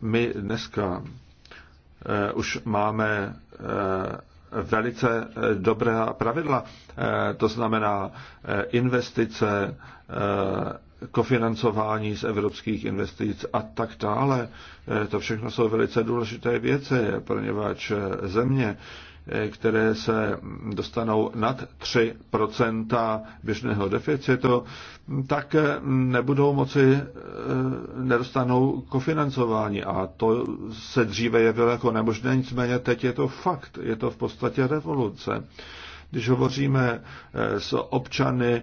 my dneska už máme velice dobrá pravidla. Eh, to znamená eh, investice, eh, kofinancování z evropských investic a tak dále. To všechno jsou velice důležité věci, poněvadž země, Eh, které se dostanou nad 3 běžného deficitu, tak eh, nebudou moci, eh, nedostanou kofinancování. A to se dříve jevilo jako nemožné, nicméně teď je to fakt, je to v podstatě revoluce. Když hovoříme s občany,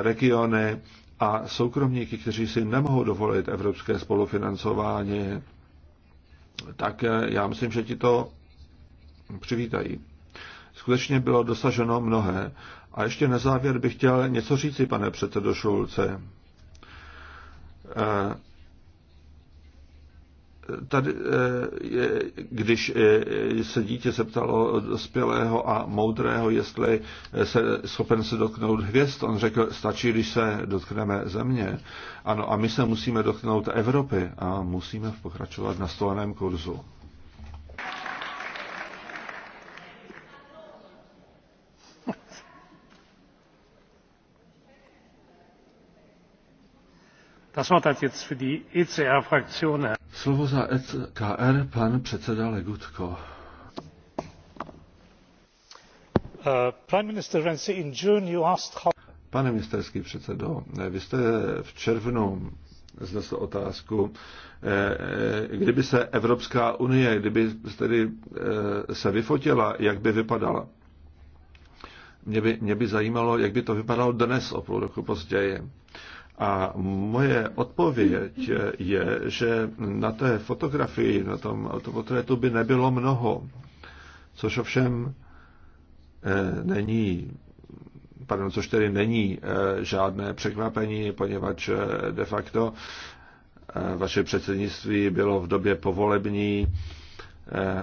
regiony a soukromníky, kteří si nemohou dovolit evropské spolufinancování, tak já myslím, že ti to přivítají. Skutečně bylo dosaženo mnohé. A ještě na závěr bych chtěl něco říci, pane předsedo Šulce. Eh, tady, eh, když eh, se dítě zeptalo dospělého a moudrého, jestli se schopen se dotknout hvězd, on řekl, stačí, když se dotkneme země. Ano, a my se musíme dotknout Evropy a musíme pokračovat na stoleném kurzu. E Slovo za e uh, Pane ministerský předsedo, eh, vy jste v červnu vznesl otázku, eh, eh, kdyby se Evropská unie, kdyby tedy se vyfotila, jak by vypadala. Mě by, mě by zajímalo, jak by to vypadalo dnes o půl roku později. A moje odpověď je, že na té fotografii, na tom autoportrétu by nebylo mnoho, což ovšem eh, není pardon, což tedy není eh, žádné překvapení, poněvadž eh, de facto vaše předsednictví bylo v době povolební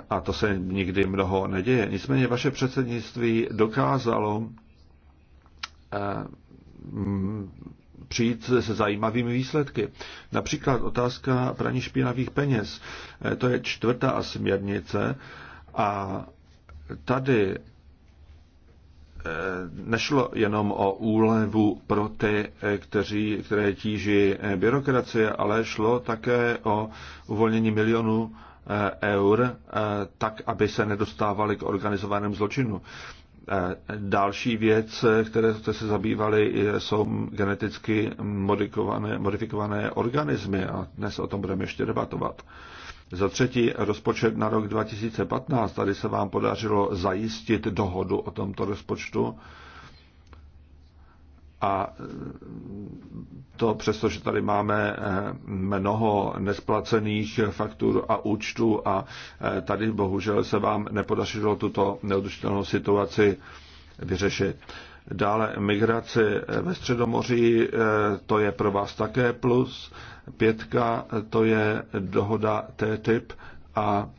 a to se nikdy mnoho neděje. Nicméně vaše předsednictví dokázalo přijít se zajímavými výsledky. Například otázka praní špinavých peněz. Eh, to je čtvrtá a směrnice a tady eh, nešlo jenom o úlevu pro ty, eh, kteří, které tíží byrokracie, ale šlo také o uvolnění milionů eur, tak aby se nedostávali k organizovanému zločinu. Eh, další věc, které jste se zabývali, jsou geneticky modifikované, modifikované organismy a dnes o tom budeme ještě debatovat. Za třetí rozpočet na rok 2015. Tady se vám podařilo zajistit dohodu o tomto rozpočtu a to přesto, že tady máme eh, mnoho nesplacených faktur a účtů a eh, tady bohužel se vám nepodařilo tuto neudržitelnou situaci vyřešit. Dále migraci ve Středomoří, eh, to je pro vás také plus. Pětka, to je dohoda T-typ a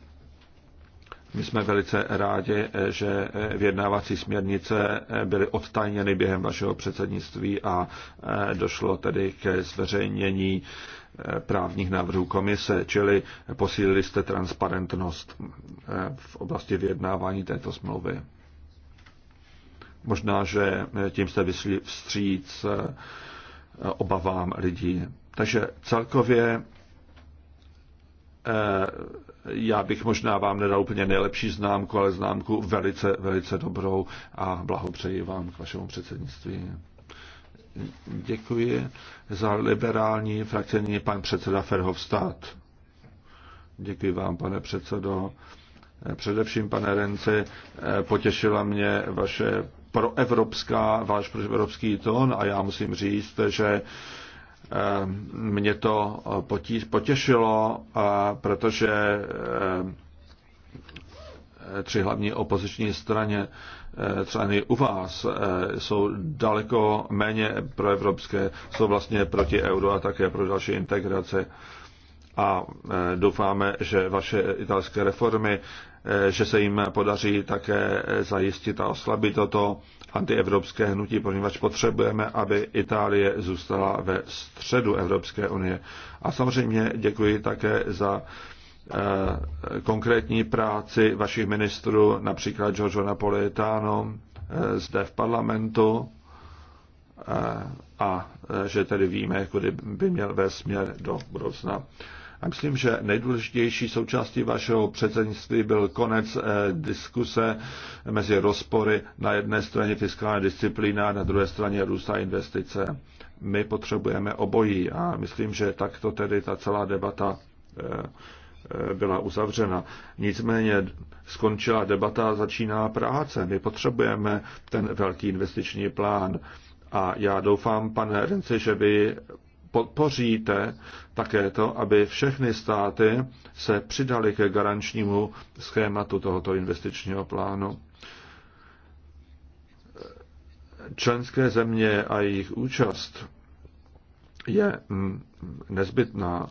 my jsme velice rádi, že vyjednávací směrnice byly odtajněny během vašeho předsednictví a došlo tedy ke zveřejnění právních návrhů komise, čili posílili jste transparentnost v oblasti vyjednávání této smlouvy. Možná, že tím jste vyšli vstříc obavám lidí. Takže celkově Eh, já bych možná vám nedal úplně nejlepší známku, ale známku velice, velice dobrou a blahopřeji vám k vašemu předsednictví. Děkuji. Za liberální frakci nyní pan předseda Ferhovstát. Děkuji vám, pane předsedo. Eh, především, pane Renci, eh, potěšila mě vaše proevropská, váš proevropský tón a já musím říct, že Eh, mě to eh, potěšilo, eh, protože tři hlavní opoziční straně, třeba i u vás, jsou daleko méně proevropské, jsou vlastně proti euro a také pro další integraci. A doufáme, že vaše italské reformy, že se jim podaří také zajistit a oslabit toto antievropské hnutí, poněvadž potřebujeme, aby Itálie zůstala ve středu Evropské unie. A samozřejmě děkuji také za eh, konkrétní práci vašich ministrů, například Giorgio Napolitano eh, zde v parlamentu eh, a že tedy víme, kudy by měl vést směr do budoucna. A myslím, že nejdůležitější součástí vašeho předsednictví byl konec eh, diskuse mezi rozpory na jedné straně fiskální disciplína, na druhé straně růst a investice. My potřebujeme obojí a myslím, že takto tedy ta celá debata eh, eh, byla uzavřena. Nicméně skončila debata, začíná práce. My potřebujeme ten velký investiční plán. A já doufám, pane Renci, že vy podpoříte také to, aby všechny státy se přidali ke garančnímu schématu tohoto investičního plánu. Členské země a jejich účast je nezbytná.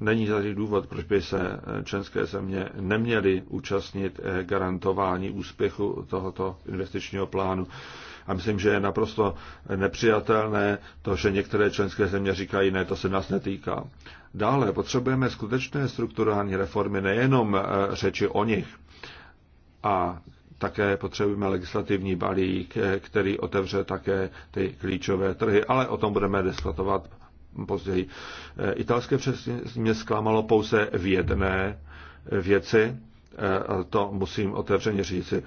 Není tady důvod, proč by se členské země neměly účastnit garantování úspěchu tohoto investičního plánu. A myslím, že je naprosto nepřijatelné to, že některé členské země říkají, ne, to se nás netýká. Dále potřebujeme skutečné strukturální reformy, nejenom e, řeči o nich. A také potřebujeme legislativní balík, e, který otevře také ty klíčové trhy, ale o tom budeme diskutovat později. E, italské přesně mě zklamalo pouze v jedné věci, Eh, to musím otevřeně říci.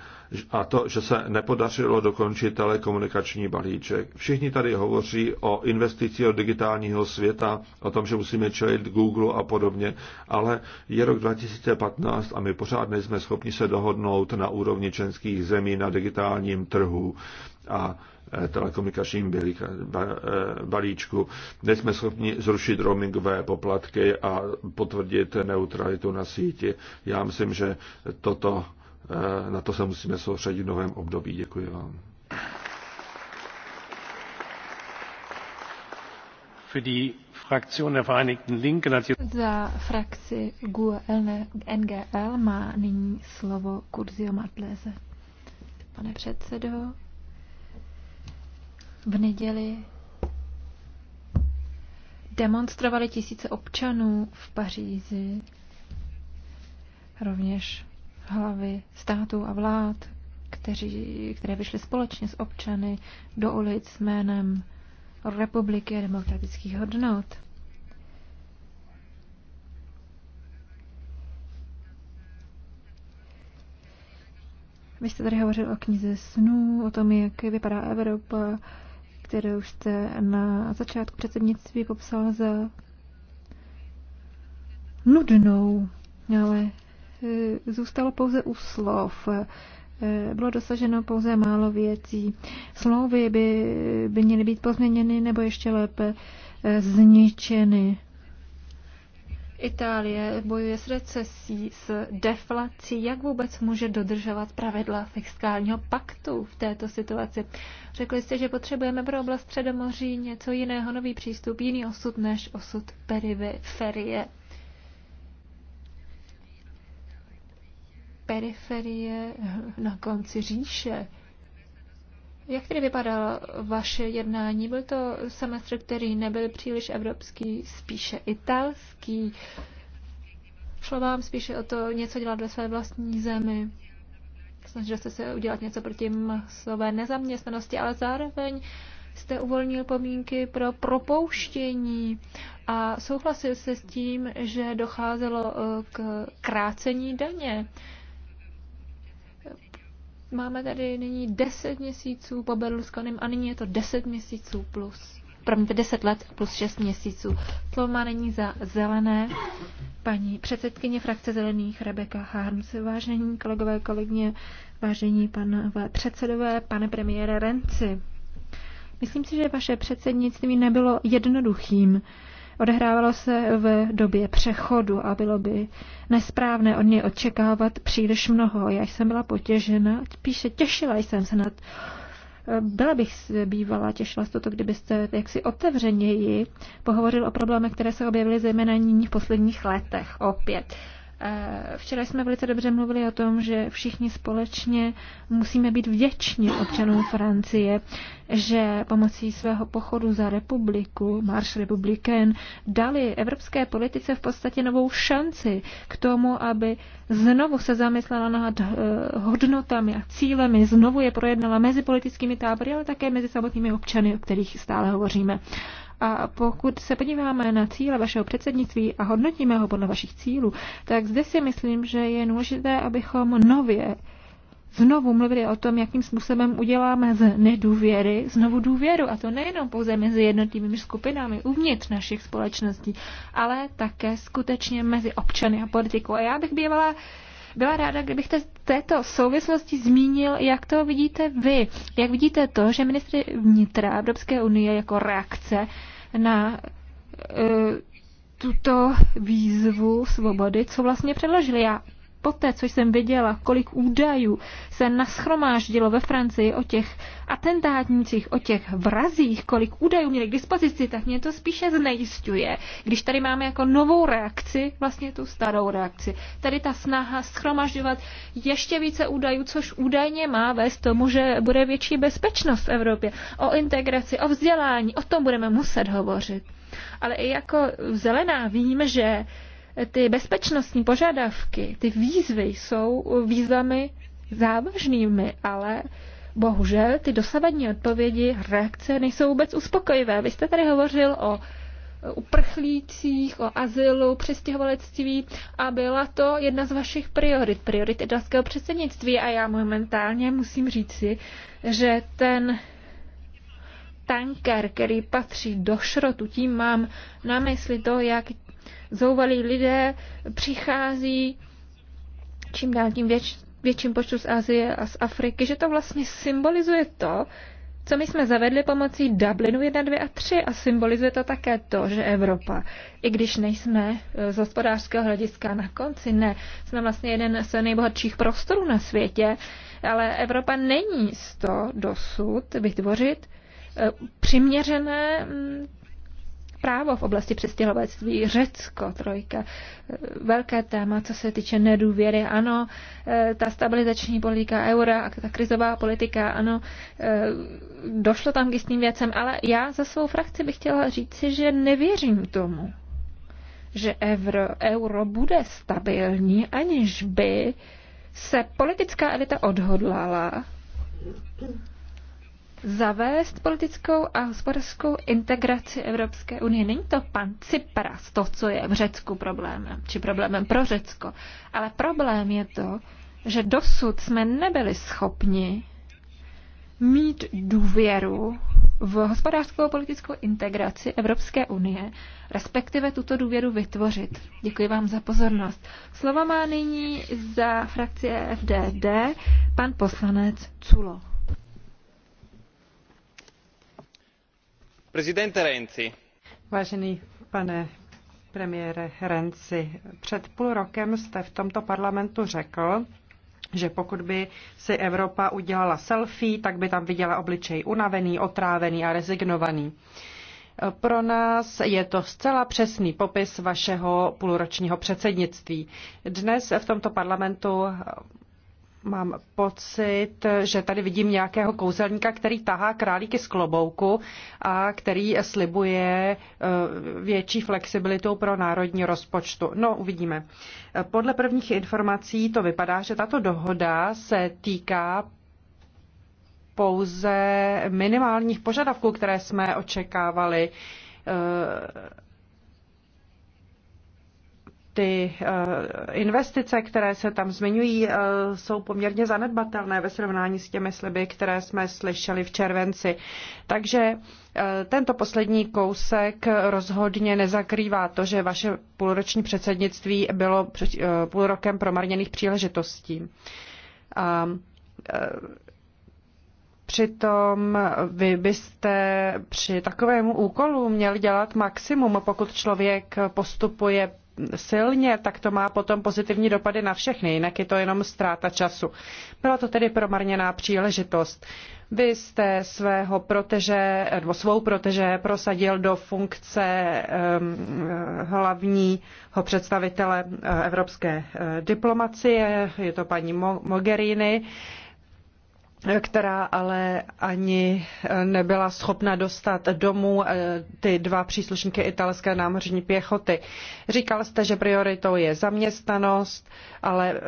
A to, že se nepodařilo dokončit telekomunikační balíček. Všichni tady hovoří o investicích do digitálního světa, o tom, že musíme čelit Google a podobně, ale je rok 2015 a my pořád nejsme schopni se dohodnout na úrovni členských zemí na digitálním trhu. A Eh, telekomunikačním eh, balíčku. Teď jsme schopni zrušit roamingové poplatky a potvrdit neutralitu na síti. Já myslím, že toto, eh, na to se musíme soustředit v novém období. Děkuji vám. Za frakci GUL e NGL má nyní slovo Kurzio Matleze. Pane předsedo, v neděli demonstrovali tisíce občanů v Pařízi, rovněž hlavy států a vlád, kteří, které vyšly společně s občany do ulic s jménem republiky a demokratických hodnot. Vy jste tady hovořil o knize snů, o tom, jak vypadá Evropa, kterou jste na začátku předsednictví popsal za nudnou, ale e, zůstalo pouze u slov. E, bylo dosaženo pouze málo věcí. Slovy by, by měly být pozměněny nebo ještě lépe e, zničeny. Itálie bojuje s recesí, s deflací. Jak vůbec může dodržovat pravidla fiskálního paktu v této situaci? Řekli jste, že potřebujeme pro oblast Středomoří něco jiného, nový přístup, jiný osud než osud ferie. Periferie na konci říše. Jak tedy vypadalo vaše jednání? Byl to semestr, který nebyl příliš evropský, spíše italský. Šlo vám spíše o to něco dělat ve své vlastní zemi. Snažil jste se udělat něco proti masové nezaměstnanosti, ale zároveň jste uvolnil pomínky pro propouštění a souhlasil se s tím, že docházelo eh, k krácení daně. Máme tady nyní 10 měsíců po Berlusconim a nyní je to 10 měsíců plus. Promiňte, 10 let plus 6 měsíců. Slovo má není za zelené. Paní předsedkyně frakce zelených Rebeka Harms, vážení kolegové, kolegyně, vážení panové předsedové, pane premiére Renci. Myslím si, že vaše předsednictví nebylo jednoduchým. Odehrávalo se v době přechodu a bylo by nesprávné od něj očekávat příliš mnoho. Já jsem byla potěžena, spíše těšila jsem se nad byla bych bývala, těšila se to, kdybyste jaksi otevřeněji pohovořil o problémech, které se objevily zejména nyní v posledních letech opět. Včera jsme velice dobře mluvili o tom, že všichni společně musíme být vděční občanům Francie, že pomocí svého pochodu za republiku, Marš Republiken, dali evropské politice v podstatě novou šanci k tomu, aby znovu se zamyslela nad eh, hodnotami a cílemi, znovu je projednala mezi politickými tábory, ale také mezi samotnými občany, o kterých stále hovoříme. A pokud se podíváme na cíle vašeho předsednictví a hodnotíme ho podle vašich cílů, tak zde si myslím, že je důležité, abychom nově znovu mluvili o tom, jakým způsobem uděláme z nedůvěry znovu důvěru. A to nejenom pouze mezi jednotlivými skupinami uvnitř našich společností, ale také skutečně mezi občany a politikou. A já bych bývala byla ráda, kdybych v této souvislosti zmínil, jak to vidíte vy. Jak vidíte to, že ministry vnitra Evropské unie jako reakce na e, tuto výzvu svobody, co vlastně předložili. Já poté, co jsem viděla, kolik údajů se naschromáždilo ve Francii o těch atentátnících, o těch vrazích, kolik údajů měli k dispozici, tak mě to spíše znejistuje, když tady máme jako novou reakci, vlastně tu starou reakci. Tady ta snaha schromažďovat ještě více údajů, což údajně má vést tomu, že bude větší bezpečnost v Evropě. O integraci, o vzdělání, o tom budeme muset hovořit. Ale i jako zelená vím, že ty bezpečnostní požadavky, ty výzvy jsou výzvami závažnými, ale bohužel ty dosavadní odpovědi, reakce nejsou vůbec uspokojivé. Vy jste tady hovořil o uprchlících, o azylu, přestěhovalectví a byla to jedna z vašich priorit, priorit italského předsednictví a já momentálně musím říci, že ten tanker, který patří do šrotu, tím mám na mysli to, jak zouvalí lidé přichází čím dál tím věč, větším počtu z Azie a z Afriky, že to vlastně symbolizuje to, co my jsme zavedli pomocí Dublinu 1, 2 a 3 a symbolizuje to také to, že Evropa, i když nejsme e, z hospodářského hlediska na konci, ne, jsme vlastně jeden z nejbohatších prostorů na světě, ale Evropa není z to dosud vytvořit e, přiměřené právo v oblasti přestěhovalectví, Řecko, trojka, velké téma, co se týče nedůvěry, ano, e, ta stabilizační politika eura a ta krizová politika, ano, e, došlo tam k jistým věcem, ale já za svou frakci bych chtěla říci, že nevěřím tomu, že euro, euro bude stabilní, aniž by se politická elita odhodlala zavést politickou a hospodářskou integraci Evropské unie. Není to pan Cypras, to, co je v Řecku problémem, či problémem pro Řecko, ale problém je to, že dosud jsme nebyli schopni mít důvěru v hospodářskou a politickou integraci Evropské unie, respektive tuto důvěru vytvořit. Děkuji vám za pozornost. Slovo má nyní za frakci FDD pan poslanec Culo. Prezidente Renzi. Vážený pane premiére Renzi, před půl rokem jste v tomto parlamentu řekl, že pokud by si Evropa udělala selfie, tak by tam viděla obličej unavený, otrávený a rezignovaný. Pro nás je to zcela přesný popis vašeho půlročního předsednictví. Dnes v tomto parlamentu mám pocit, že tady vidím nějakého kouzelníka, který tahá králíky z klobouku a který slibuje eh, větší flexibilitu pro národní rozpočtu. No, uvidíme. Podle prvních informací to vypadá, že tato dohoda se týká pouze minimálních požadavků, které jsme očekávali eh, ty eh, investice, které se tam zmiňují, eh, jsou poměrně zanedbatelné ve srovnání s těmi sliby, které jsme slyšeli v červenci. Takže eh, tento poslední kousek rozhodně nezakrývá to, že vaše půlroční předsednictví bylo půl rokem promarněných příležitostí. A Přitom vy byste při takovému úkolu měl dělat maximum, pokud člověk postupuje silně, tak to má potom pozitivní dopady na všechny, jinak je to jenom ztráta času. Byla to tedy promarněná příležitost. Vy jste svého proteže, nebo svou proteže prosadil do funkce um, hlavního představitele eh, evropské eh, diplomacie, je to paní Mogherini která ale ani eh, nebyla schopna dostat domů eh, ty dva příslušníky italské námořní pěchoty. Říkal jste, že prioritou je zaměstnanost, ale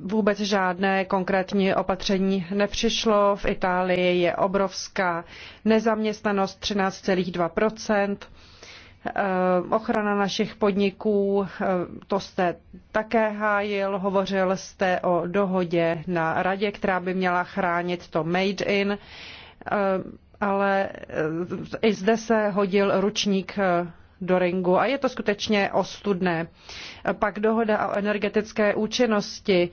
vůbec žádné konkrétní opatření nepřišlo. V Itálii je obrovská nezaměstnanost 13,2 Eh, ochrana našich podniků, eh, to jste také hájil, hovořil jste o dohodě na radě, která by měla chránit to made in, eh, ale i zde se hodil ručník do ringu a je to skutečně ostudné. Pak dohoda o energetické účinnosti.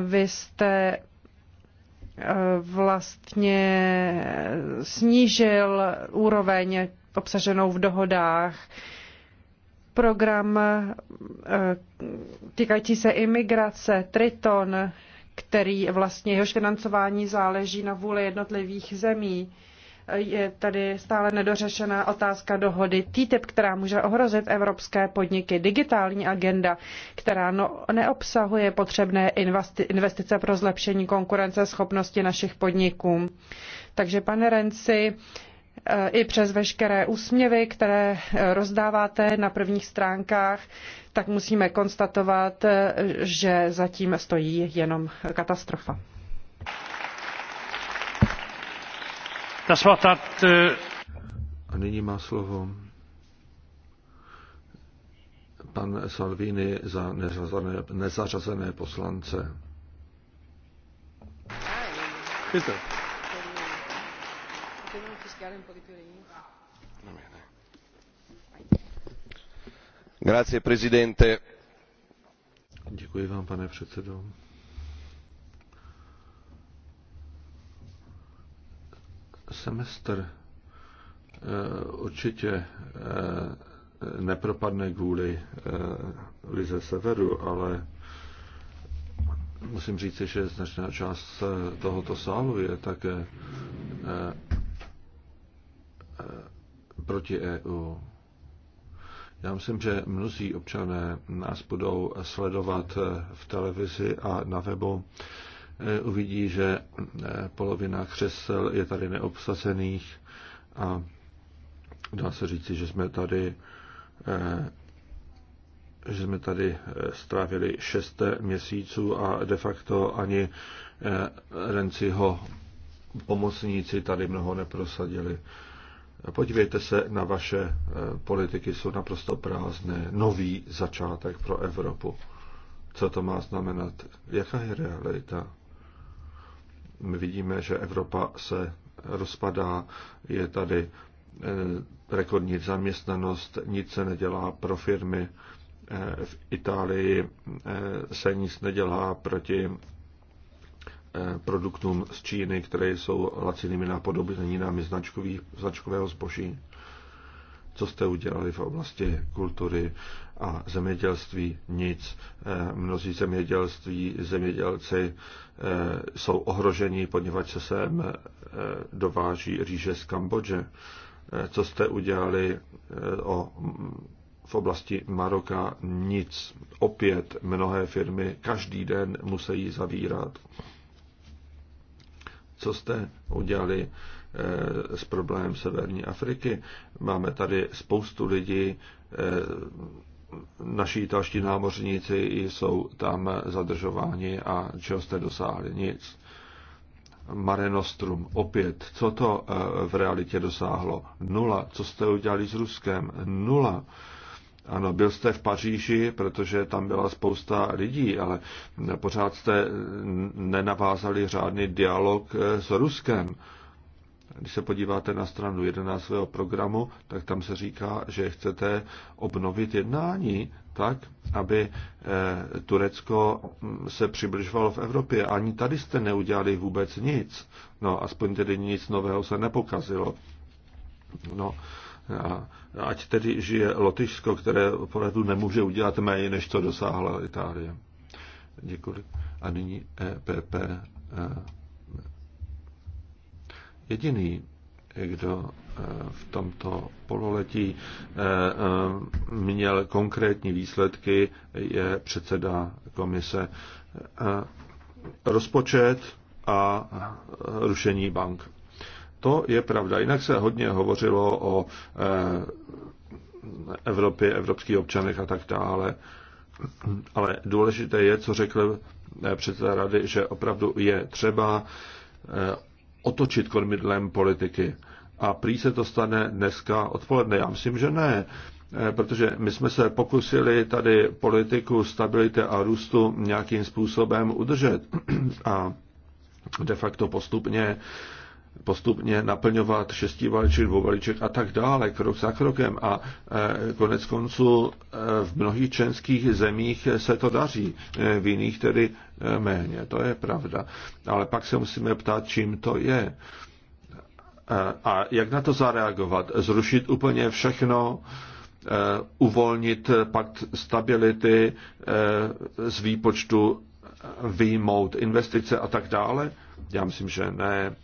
Vy jste vlastně snížil úroveň obsaženou v dohodách. Program eh, týkající se imigrace, Triton, který vlastně jehož financování záleží na vůli jednotlivých zemí. Je tady stále nedořešená otázka dohody TTIP, která může ohrozit evropské podniky, digitální agenda, která no, neobsahuje potřebné investice pro zlepšení konkurenceschopnosti našich podniků. Takže pane Renci, i přes veškeré úsměvy, které eh, rozdáváte na prvních stránkách, tak musíme konstatovat, eh, že zatím stojí jenom katastrofa. Eh, A nyní má slovo pan Salvini za nezařazené, nezařazené poslance. Bitte. No, Grazie, presidente. vám, pane předsedo. Semestr eh, určitě eh, nepropadne kvůli eh, Lize Severu, ale musím říct, že značná část tohoto sálu je také proti EU. Já myslím, že mnozí občané nás budou sledovat v televizi a na webu. E, uvidí, že e, polovina křesel je tady neobsazených a dá se říci, že jsme tady e, že jsme tady strávili šest měsíců a de facto ani Renciho pomocníci tady mnoho neprosadili. Podívejte se na vaše eh, politiky, jsou naprosto prázdné. Nový začátek pro Evropu. Co to má znamenat? Jaká je realita? My vidíme, že Evropa se rozpadá, je tady eh, rekordní zaměstnanost, nic se nedělá pro firmy. Eh, v Itálii se nic nedělá proti produktům z Číny, které jsou lacinými napodobeninami značkového zboží. Co jste udělali v oblasti kultury a zemědělství? Nic. Eh, mnozí zemědělství, zemědělci eh, jsou ohroženi, poněvadž se sem eh, dováží rýže z Kambodže. Co jste udělali o v oblasti Maroka nic. Opět mnohé firmy každý den musí zavírat co jste udělali eh, s problémem Severní Afriky. Máme tady spoustu lidí, eh, naši italští námořníci jsou tam zadržováni a čeho jste dosáhli? Nic. Mare Nostrum, opět, co to eh, v realitě dosáhlo? Nula. Co jste udělali s Ruskem? Nula. Ano, byl jste v Paříži, protože tam byla spousta lidí, ale pořád jste nenavázali řádný dialog eh, s Ruskem. Když se podíváte na stranu 11 svého programu, tak tam se říká, že chcete obnovit jednání tak, aby eh, Turecko hm, se přibližovalo v Evropě. Ani tady jste neudělali vůbec nic. No, aspoň tedy nic nového se nepokazilo. No, a ať tedy žije Lotyšsko, které opravdu nemůže udělat méně, než to dosáhla Itálie. Děkuji. A nyní EPP. Eh, jediný, kdo eh, v tomto pololetí eh, měl konkrétní výsledky, je předseda komise rozpočet a rušení bank. To je pravda. Jinak se hodně hovořilo o eh, Evropě, evropských občanech a tak dále. Ale důležité je, co řekl eh, předseda rady, že opravdu je třeba eh, otočit kormidlem politiky. A prý se to stane dneska odpoledne. Já myslím, že ne, protože my jsme se pokusili tady politiku stability a růstu nějakým způsobem udržet. A de facto postupně postupně naplňovat šestí valiček, dvou valiček a tak dále, krok za krokem. A e, konec konců e, v mnohých členských zemích se to daří, e, v jiných tedy méně, to je pravda. Ale pak se musíme ptát, čím to je. A jak na to zareagovat? Zrušit úplně všechno, uvolnit pakt stability z výpočtu výjmout investice a tak dále? Já myslím, že ne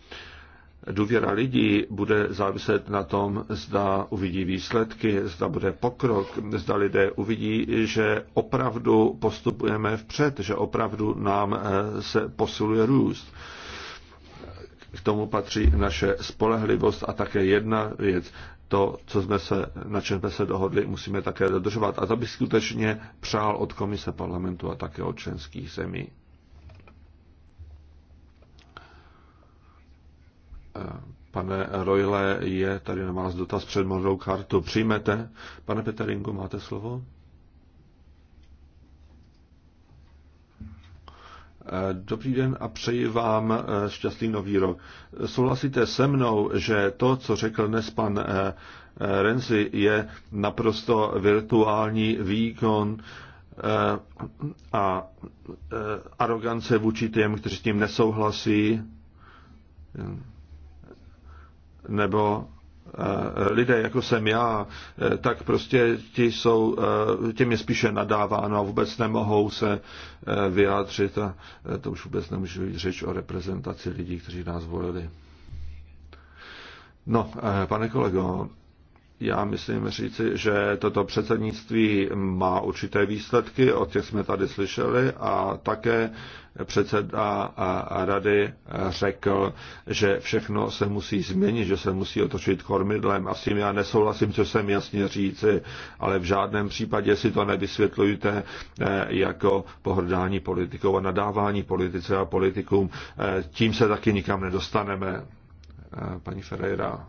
důvěra lidí bude záviset na tom, zda uvidí výsledky, zda bude pokrok, zda lidé uvidí, že opravdu postupujeme vpřed, že opravdu nám eh, se posiluje růst. K tomu patří naše spolehlivost a také jedna věc. To, co jsme se, na čem jsme se dohodli, musíme také dodržovat. A to by skutečně přál od Komise parlamentu a také od členských zemí. Pane Royle, je tady na vás dotaz před modrou kartu. Přijmete? Pane Peteringu, máte slovo? Dobrý den a přeji vám eh, šťastný nový rok. Souhlasíte se mnou, že to, co řekl dnes pan eh, eh, Renzi, je naprosto virtuální výkon a arogance vůči těm, kteří s tím nesouhlasí? nebo eh, lidé, jako jsem já, eh, tak prostě ti jsou, eh, těm je spíše nadáváno a vůbec nemohou se vyjádřit a to už vůbec nemůžu být řeč o reprezentaci lidí, kteří nás volili. No, pane kolego, já myslím říci, že toto předsednictví má určité výsledky, o těch jsme tady slyšeli, a také předseda rady řekl, že všechno se musí změnit, že se musí otočit kormidlem a s tím já nesouhlasím, co jsem jasně říci, ale v žádném případě si to nevysvětlujte eh, jako pohrdání politikou a nadávání politice a politikům. Eh, tím se taky nikam nedostaneme. Eh, paní Ferreira.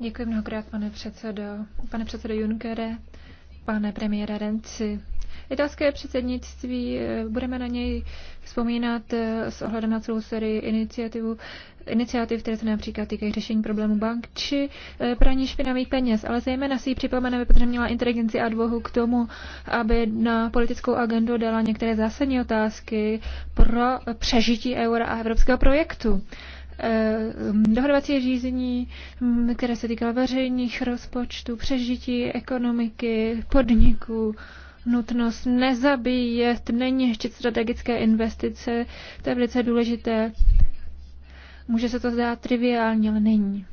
Děkuji mnohokrát, pane předsedo. Pane předsedo Junckere, pane premiére Renci, Italské předsednictví, eh, budeme na něj vzpomínat eh, s ohledem na celou sérii iniciativu, iniciativ, které se například týkají řešení problému bank či praní špinavých peněz, ale zejména si ji připomeneme, protože měla inteligenci a dvohu k tomu, aby na politickou agendu dala některé zásadní otázky pro přežití eura a evropského projektu. Eh, dohodovací řízení, hm, které se týkalo veřejných rozpočtů, přežití ekonomiky, podniků, nutnost nezabíjet, není ještě strategické investice, to je velice důležité. Může se to zdát triviální, ale není.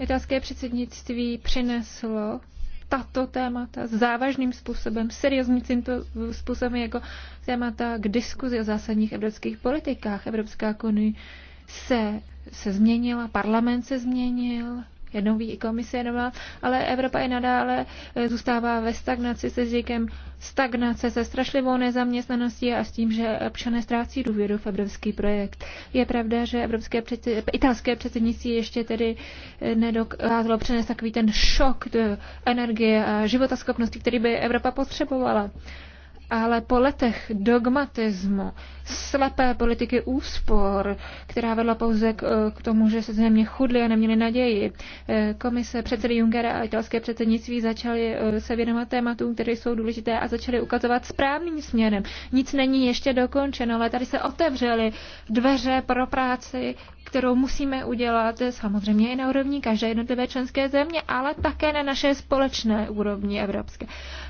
Italské předsednictví přineslo tato témata závažným způsobem, seriózním způsobem jako témata k diskuzi o zásadních evropských politikách. Evropská konu se, se změnila, parlament se změnil, jednou ví i komise jenom, ale Evropa i nadále eh, zůstává ve stagnaci se říkem stagnace, se strašlivou nezaměstnaností a s tím, že občané ztrácí důvěru v evropský projekt. Je pravda, že evropské předsed... italské předsednictví ještě tedy eh, nedokázalo přenést takový ten šok energie a životaschopnosti, který by Evropa potřebovala ale po letech dogmatismu, slepé politiky úspor, která vedla pouze k, eh, k tomu, že se země chudly a neměly naději, eh, komise předsedy Junckera a italské předsednictví začaly eh, se věnovat tématům, které jsou důležité a začaly ukazovat správným směrem. Nic není ještě dokončeno, ale tady se otevřely dveře pro práci kterou musíme udělat samozřejmě i na úrovni každé jednotlivé členské země, ale také na naše společné úrovni evropské.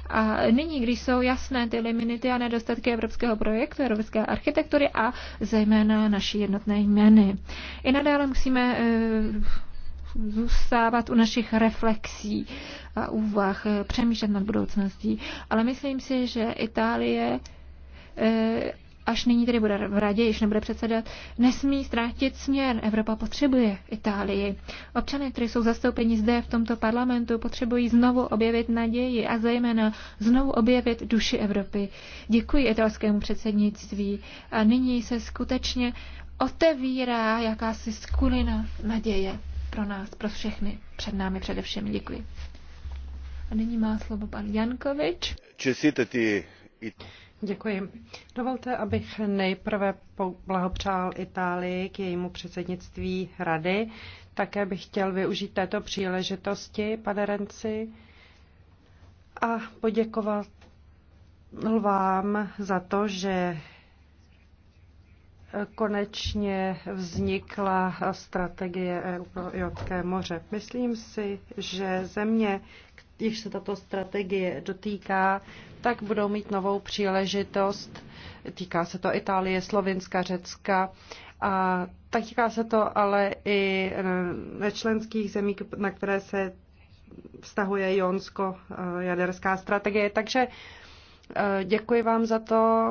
A nyní, když jsou jasné ty limity a nedostatky evropského projektu, evropské architektury a zejména naší jednotné jmény. I nadále musíme eh, zůstávat u našich reflexí a úvah, eh, přemýšlet nad budoucností. Ale myslím si, že Itálie eh, až nyní tedy bude v radě, již nebude předsedat, nesmí ztrátit směr. Evropa potřebuje Itálii. Občané, kteří jsou zastoupeni zde v tomto parlamentu, potřebují znovu objevit naději a zejména znovu objevit duši Evropy. Děkuji italskému předsednictví a nyní se skutečně otevírá jakási skulina naděje pro nás, pro všechny, před námi především. Děkuji. A nyní má slovo pan Jankovič. Čestitati Děkuji. Dovolte, abych nejprve blahopřál Itálii k jejímu předsednictví rady. Také bych chtěl využít této příležitosti, pane Renci, a poděkovat vám za to, že konečně vznikla strategie EU pro Jotské moře. Myslím si, že země jich se tato strategie dotýká, tak budou mít novou příležitost. Týká se to Itálie, Slovinska, Řecka. A tak týká se to ale i nečlenských eh, zemí, na které se vztahuje Jonsko-jaderská eh, strategie. Takže eh, Děkuji vám za to,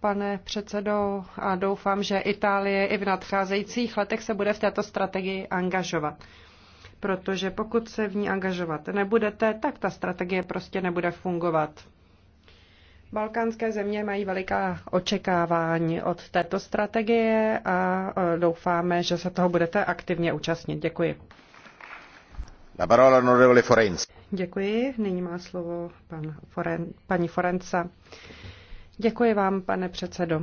pane předsedo, a doufám, že Itálie i v nadcházejících letech se bude v této strategii angažovat protože pokud se v ní angažovat nebudete, tak ta strategie prostě nebude fungovat. Balkánské země mají veliká očekávání od této strategie a e, doufáme, že se toho budete aktivně účastnit. Děkuji. La parola onorevole Forenza. Děkuji. Nyní má slovo pan Foren, paní Forenza. Děkuji vám, pane předsedo.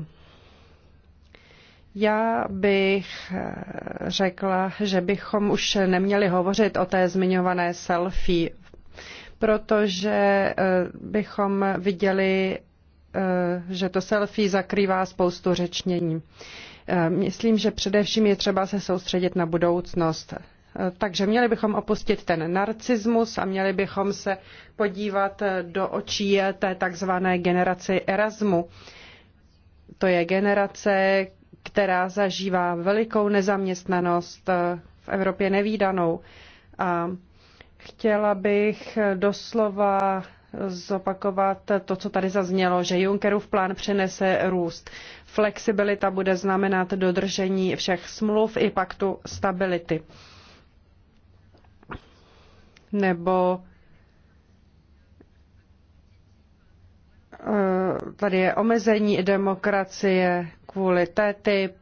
Já bych eh, řekla, že bychom už neměli hovořit o té zmiňované selfie, protože eh, bychom viděli, eh, že to selfie zakrývá spoustu řečnění. Myslím, že především je třeba se soustředit na budoucnost. Takže měli bychom opustit ten narcismus a měli bychom se podívat do očí té takzvané generaci Erasmu. To je generace, která zažívá velikou nezaměstnanost eh, v Evropě nevýdanou. A chtěla bych doslova zopakovat to, co tady zaznělo, že Junckerův plán přinese růst. Flexibilita bude znamenat dodržení všech smluv i paktu stability. Nebo eh, tady je omezení demokracie, kvůli TTIP,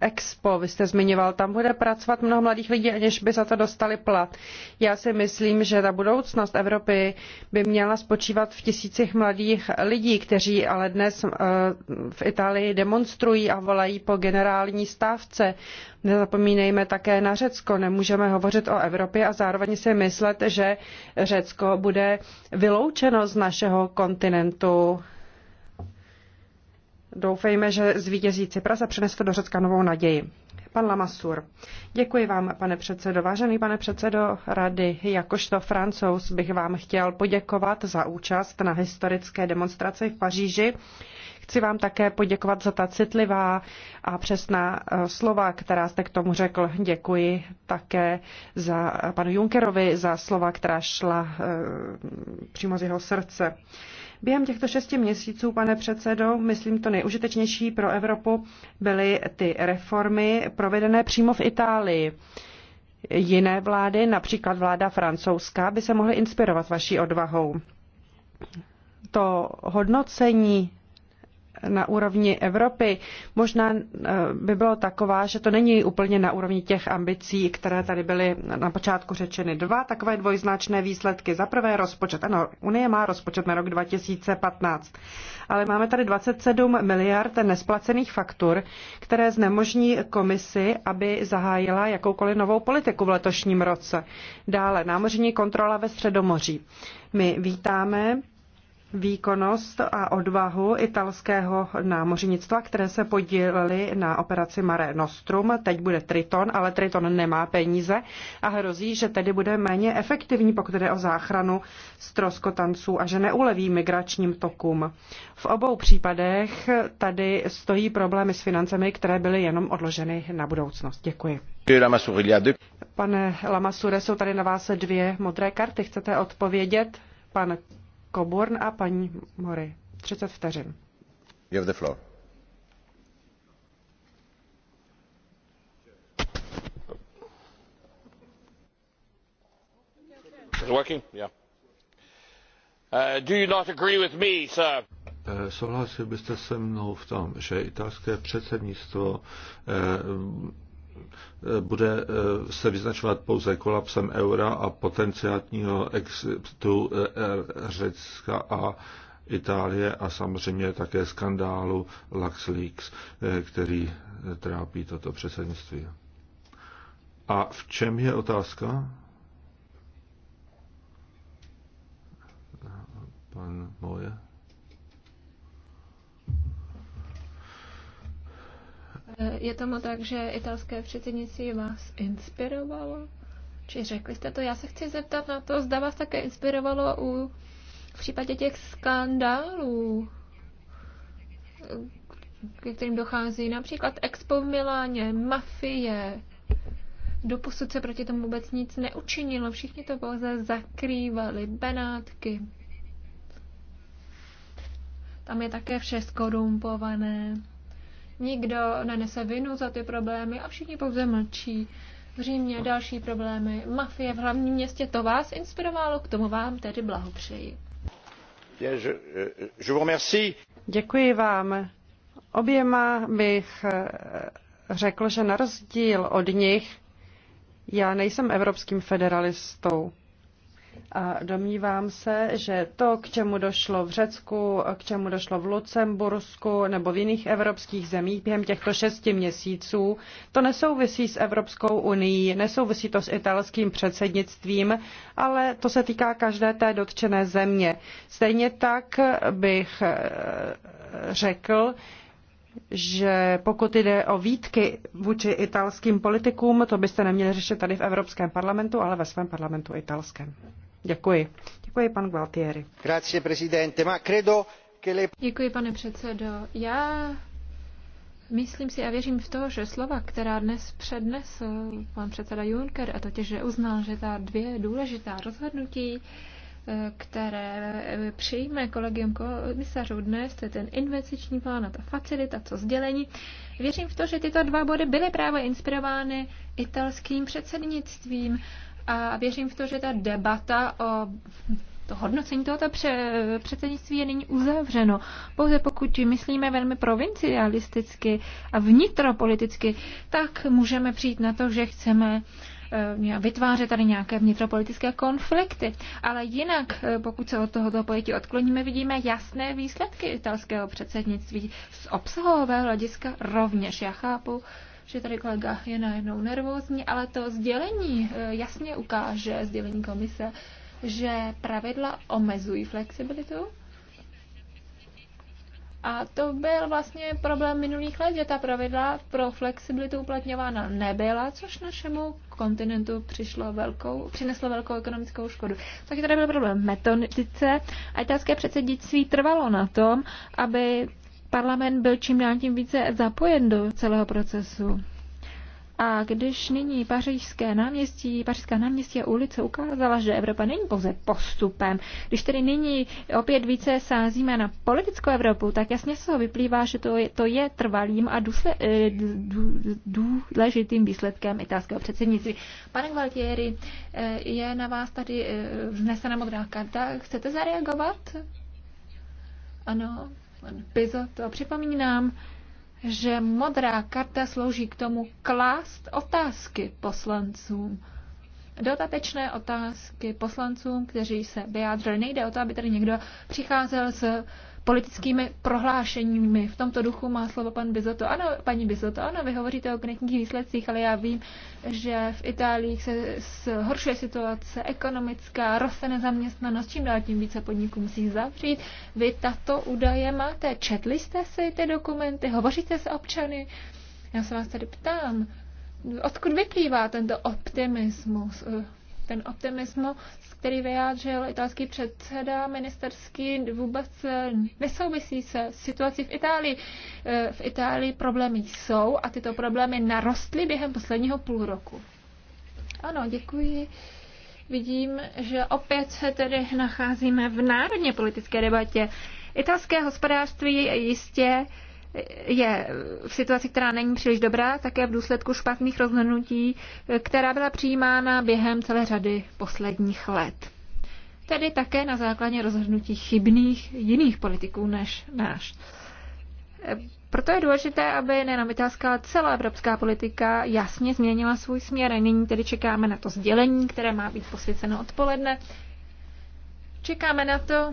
Expo, vy jste zmiňoval, tam bude pracovat mnoho mladých lidí, aniž by za to dostali plat. Já si myslím, že ta budoucnost Evropy by měla spočívat v tisících mladých lidí, kteří ale dnes eh, v Itálii demonstrují a volají po generální stávce. Nezapomínejme také na Řecko. Nemůžeme hovořit o Evropě a zároveň si myslet, že Řecko bude vyloučeno z našeho kontinentu Doufejme, že Cypras a přinese to do Řecka novou naději. Pan Lamassur, Děkuji vám, pane předsedo. Vážený pane předsedo rady, jakožto francouz bych vám chtěl poděkovat za účast na historické demonstraci v Paříži. Chci vám také poděkovat za ta citlivá a přesná eh, slova, která jste k tomu řekl. Děkuji také za eh, panu Junkerovi za slova, která šla eh, přímo z jeho srdce. Během těchto šesti měsíců, pane předsedo, myslím to nejužitečnější pro Evropu byly ty reformy provedené přímo v Itálii. Jiné vlády, například vláda francouzská, by se mohly inspirovat vaší odvahou. To hodnocení na úrovni Evropy možná eh, by bylo taková, že to není úplně na úrovni těch ambicí, které tady byly na počátku řečeny. Dva takové dvojznačné výsledky. Za prvé rozpočet. Ano, Unie má rozpočet na rok 2015, ale máme tady 27 miliard nesplacených faktur, které znemožní komisi, aby zahájila jakoukoliv novou politiku v letošním roce. Dále námořní kontrola ve Středomoří. My vítáme výkonnost a odvahu italského námořnictva, které se podílely na operaci Mare Nostrum. Teď bude Triton, ale Triton nemá peníze a hrozí, že tedy bude méně efektivní, pokud jde o záchranu stroskotanců a že neuleví migračním tokům. V obou případech tady stojí problémy s financemi, které byly jenom odloženy na budoucnost. Děkuji. Pane Lamasure, jsou tady na vás dvě modré karty. Chcete odpovědět? Pan Coburn a paní Mori. 30 vteřin. You have the floor. Yeah. Uh, do you not agree with me, sir? Eh, souhlasil byste se mnou v tom, že italské předsednictvo eh, bude eh, se vyznačovat pouze kolapsem eura a potenciálního exitu eh, Řecka a Itálie a samozřejmě také skandálu LuxLeaks, eh, který trápí toto předsednictví. A v čem je otázka? Pan Moje. Eh, je tomu tak, že italské předsednictví vás inspirovalo? Či řekli jste to? Já se chci zeptat na to, zda vás také inspirovalo u, v případě těch skandálů, k kterým dochází například Expo v Miláně, mafie. Doposud se proti tomu vůbec nic neučinilo, všichni to pouze zakrývali, benátky. Tam je také vše skorumpované nikdo nenese vinu za ty problémy a všichni pouze mlčí. V Římě další problémy, mafie v hlavním městě, to vás inspirovalo, k tomu vám tedy blahopřeji. Děkuji vám. Oběma bych eh, řekl, že na rozdíl od nich já nejsem evropským federalistou. A domnívám se, že to, k čemu došlo v Řecku, k čemu došlo v Lucembursku nebo v jiných evropských zemích během těchto šesti měsíců, to nesouvisí s Evropskou unii, nesouvisí to s italským předsednictvím, ale to se týká každé té dotčené země. Stejně tak bych eh, řekl, že pokud jde o výtky vůči italským politikům, to byste neměli řešit tady v Evropském parlamentu, ale ve svém parlamentu italském. Děkuji. Děkuji, pan Gualtieri. Grazie, presidente. Ma credo che le... Děkuji, pane předsedo. Já Myslím si a věřím v to, že slova, která dnes přednesl pan předseda Juncker, a totiž, že uznal, že ta dvě důležitá rozhodnutí, eh, které přijme kolegium komisařů dnes, to je ten investiční plán a ta facilita, co sdělení. Věřím v to, že tyto dva body byly právě inspirovány italským předsednictvím a věřím v to, že ta debata o to hodnocení tohoto předsednictví je nyní uzavřeno. Pouze pokud myslíme velmi provincialisticky a vnitropoliticky, tak můžeme přijít na to, že chceme eh, vytvářet tady nějaké vnitropolitické konflikty. Ale jinak, eh, pokud se od tohoto pojetí odkloníme, vidíme jasné výsledky italského předsednictví z obsahového hlediska rovněž. Já chápu, že tady kolega je najednou nervózní, ale to sdělení eh, jasně ukáže, sdělení komise, že pravidla omezují flexibilitu. A to byl vlastně problém minulých let, že ta pravidla pro flexibilitu uplatňována nebyla, což našemu kontinentu přišlo velkou, přineslo velkou ekonomickou škodu. Takže tady byl problém metodice a italské předsednictví trvalo na tom, aby parlament byl čím dál tím více zapojen do celého procesu. A když nyní pařížské náměstí, pařížská náměstí a ulice ukázala, že Evropa není pouze postupem, když tedy nyní opět více sázíme na politickou Evropu, tak jasně se ho vyplývá, že to je, to je trvalým a důsle, eh, důležitým výsledkem italského předsednictví. Pane Gualtieri, eh, je na vás tady eh, vznesena modrá karta. Chcete zareagovat? Ano, Bizoto. Připomínám, že modrá karta slouží k tomu klást otázky poslancům. Dotatečné otázky poslancům, kteří se vyjádřili. Nejde o to, aby tady někdo přicházel s politickými prohlášeními. V tomto duchu má slovo pan Bizoto. Ano, paní Bizoto, ano, vy hovoříte o konkrétních výsledcích, ale já vím, že v Itálii se zhoršuje situace ekonomická, roste nezaměstnanost, čím dál tím více podniků musí zavřít. Vy tato údaje máte, četli jste si ty dokumenty, hovoříte s občany. Já se vás tady ptám, odkud vyplývá tento optimismus? ten optimismus, který vyjádřil italský předseda ministerský, vůbec eh, nesouvisí se situací v Itálii. Eh, v Itálii problémy jsou a tyto problémy narostly během posledního půl roku. Ano, děkuji. Vidím, že opět se tedy nacházíme v národně politické debatě. Italské hospodářství je jistě je v situaci, která není příliš dobrá, také v důsledku špatných rozhodnutí, která byla přijímána během celé řady posledních let. Tedy také na základě rozhodnutí chybných jiných politiků než náš. Proto je důležité, aby nenamitelská celá evropská politika jasně změnila svůj směr. Nyní tedy čekáme na to sdělení, které má být posvěceno odpoledne. Čekáme na to,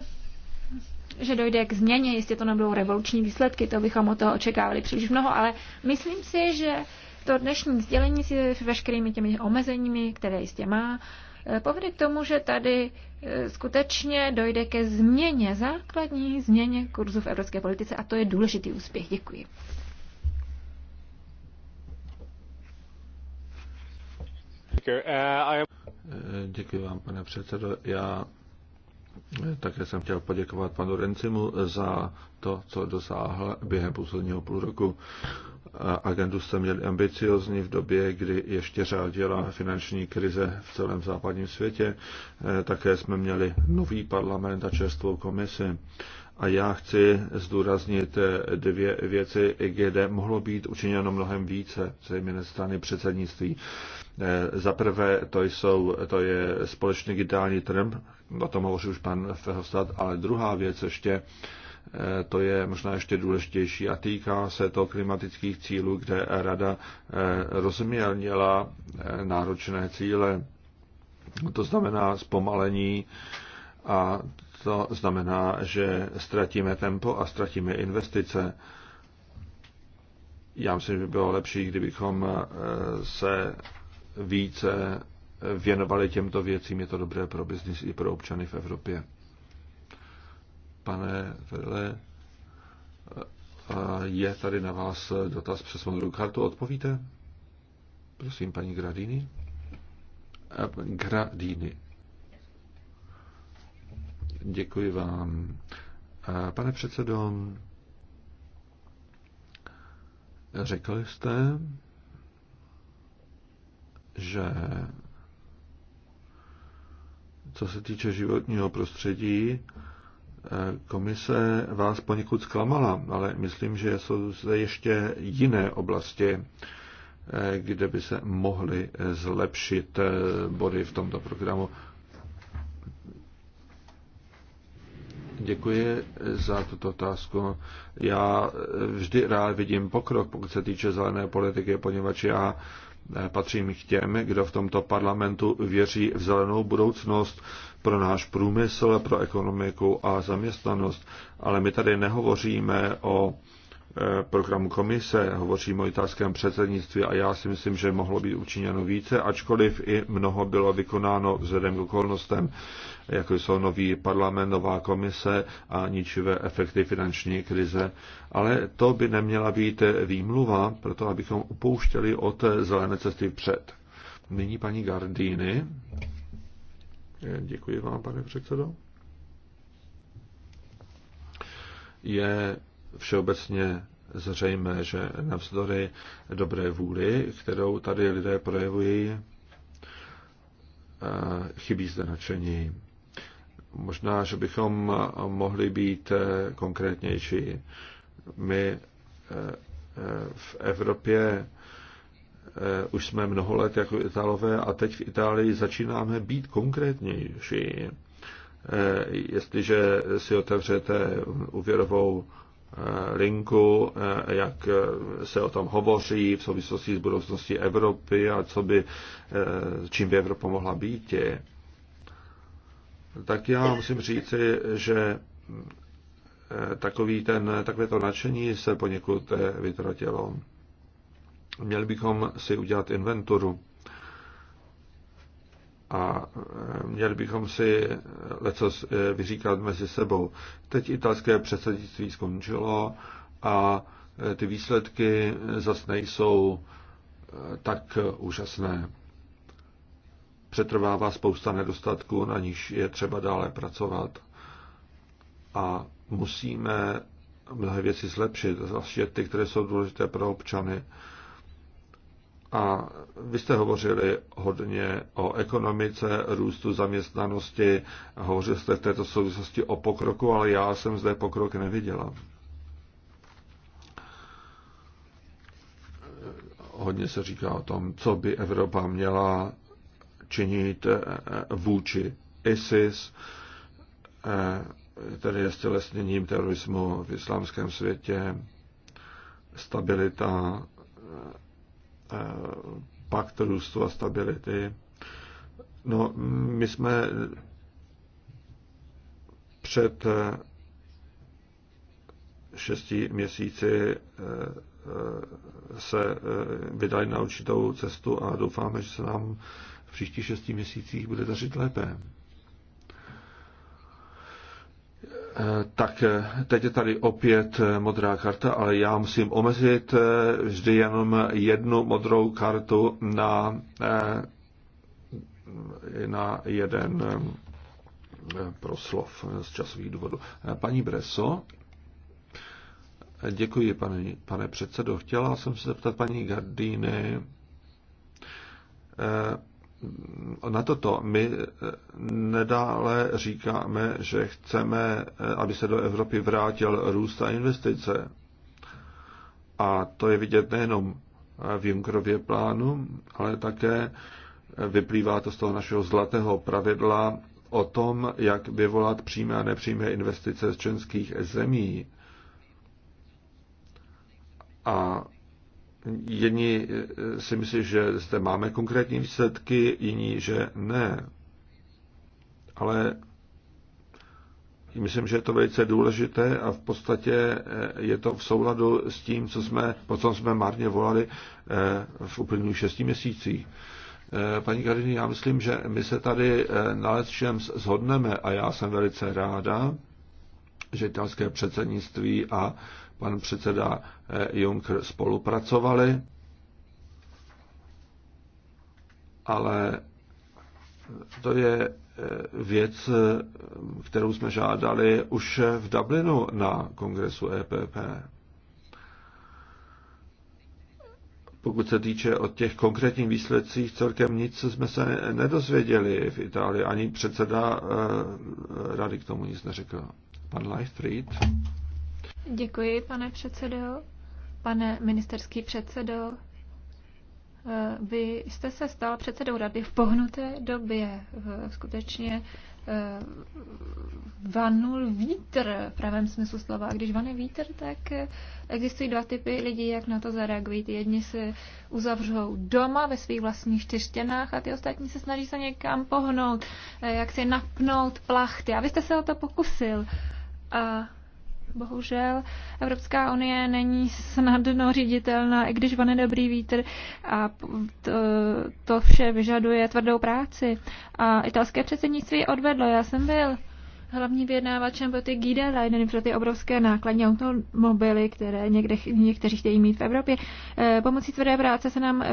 že dojde k změně, jistě to nebudou revoluční výsledky, to bychom od toho očekávali příliš mnoho, ale myslím si, že to dnešní sdělení si veškerými těmi omezeními, které jistě má, eh, povede k tomu, že tady eh, skutečně dojde ke změně, základní změně kurzu v evropské politice a to je důležitý úspěch. Děkuji. Uh, eh, děkuji vám, pane předsedo. Já také jsem chtěl poděkovat panu Rencimu za to, co dosáhl během posledního půl roku. Agendu jste měli ambiciozní v době, kdy ještě řádila finanční krize v celém západním světě. Eh, také jsme měli nový parlament a čerstvou komisi. A já chci zdůraznit dvě věci, kde mohlo být učiněno mnohem více, zejména strany předsednictví. Za prvé, to, jsou, to je společný digitální trh, o tom hovoří už pan Fehostat, ale druhá věc ještě, to je možná ještě důležitější a týká se to klimatických cílů, kde Rada eh, rozmělnila eh, náročné cíle, to znamená zpomalení a to znamená, že ztratíme tempo a ztratíme investice. Já myslím, že by bylo lepší, kdybychom eh, se více věnovali těmto věcím. Je to dobré pro biznis i pro občany v Evropě. Pane Vedle, eh, je tady na vás dotaz přes modrou kartu. Odpovíte? Prosím, paní Gradini. Eh, Gradini. Děkuji vám. Pane předsedo, řekl jste, že co se týče životního prostředí, e, komise vás poněkud zklamala, ale myslím, že jsou zde ještě jiné oblasti, e, kde by se mohly zlepšit e, body v tomto programu. Děkuji za tuto otázku. Já vždy rád vidím pokrok, pokud se týče zelené politiky, poněvadž já eh, patřím k těm, kdo v tomto parlamentu věří v zelenou budoucnost pro náš průmysl, pro ekonomiku a zaměstnanost. Ale my tady nehovoříme o Eh, programu komise, hovoří o italském předsednictví a já si myslím, že mohlo být učiněno více, ačkoliv i mnoho bylo vykonáno vzhledem k okolnostem, jako jsou nový parlament, nová komise a ničivé efekty finanční krize. Ale to by neměla být výmluva pro to, abychom upouštěli od zelené cesty před. Nyní paní Gardíny. Eh, děkuji vám, pane předsedo. Je všeobecně zřejmé, že navzdory dobré vůli, kterou tady lidé projevují, eh, chybí zde nadšení. Možná, že bychom mohli být eh, konkrétnější. My eh, v Evropě už jsme mnoho let jako Italové a teď v Itálii začínáme být konkrétnější. Jestliže si otevřete úvěrovou Eh, linku, eh, jak eh, se o tom hovoří v souvislosti s budoucností Evropy a co by, čím by Evropa mohla být. Tak já musím říci, že takový ten, takové to nadšení se poněkud vytratilo. Měli bychom si udělat inventuru a e, měli bychom si leco e, vyříkat mezi sebou. Teď italské předsednictví skončilo a e, ty výsledky zase nejsou tak úžasné. Přetrvává spousta nedostatků, na níž je třeba dále pracovat a musíme mnohé věci zlepšit, zvláště ty, které jsou důležité pro občany. A vy jste hovořili hodně o ekonomice, růstu zaměstnanosti, hovořil jste v této souvislosti o pokroku, ale já jsem zde pokrok neviděla. Hodně se říká o tom, co by Evropa měla činit eh, eh, vůči ISIS, eh, tedy stělesněním terorismu v islámském světě, stabilita Eh, pakt růstu a stability. No, my jsme před eh, šesti měsíci eh, se vydali na určitou cestu a doufáme, že se nám v příštích šesti měsících bude dařit lépe. Eh, tak eh, teď je tady opět eh, modrá karta, ale já musím omezit vždy jenom jednu modrou kartu na, na jeden proslov z časových důvodů. Paní Breso, děkuji, pane, pane předsedo. Chtěla jsem se zeptat paní Gardíny, na toto my eh, nedále říkáme, že chceme, eh, aby se do Evropy vrátil růst a investice. A to je vidět nejenom v Junkerově plánu, ale také vyplývá to z toho našeho zlatého pravidla o tom, jak vyvolat přímé a nepřímé investice z členských zemí. A Jedni eh, si myslí, že zde máme konkrétní výsledky, jiní, že ne. Ale myslím, že je to velice důležité a v podstatě eh, je to v souladu s tím, co jsme, po co jsme marně volali eh, v uplynulých šesti měsících. Paní Karini, já myslím, že my se tady na čem zhodneme a já jsem velice ráda, že italské předsednictví a pan předseda eh, Juncker spolupracovali, ale to je eh, věc, eh, kterou jsme žádali už v Dublinu na kongresu EPP. Pokud se týče o těch konkrétních výsledcích, celkem nic jsme se nedozvěděli v Itálii. Ani předseda rady k tomu nic neřekl. Pan Leifried. Děkuji, pane předsedo. Pane ministerský předsedo, eh, vy jste se stal předsedou rady v pohnuté době. Skutečně eh, vanul vítr v pravém smyslu slova. A když vane vítr, tak existují dva typy lidí, jak na to zareagují. Jedni se uzavřou doma ve svých vlastních čtyřtěnách a ty ostatní se snaží se někam pohnout, eh, jak si napnout plachty. A vy jste se o to pokusil. A Bohužel Evropská unie není snadno říditelná, i když vane dobrý vítr a to, to vše vyžaduje tvrdou práci. A italské předsednictví odvedlo. Já jsem byl hlavní vyjednávačem pro ty Gide pro ty obrovské nákladní automobily, které někde, někteří chtějí mít v Evropě. Eh, pomocí tvrdé práce se nám eh,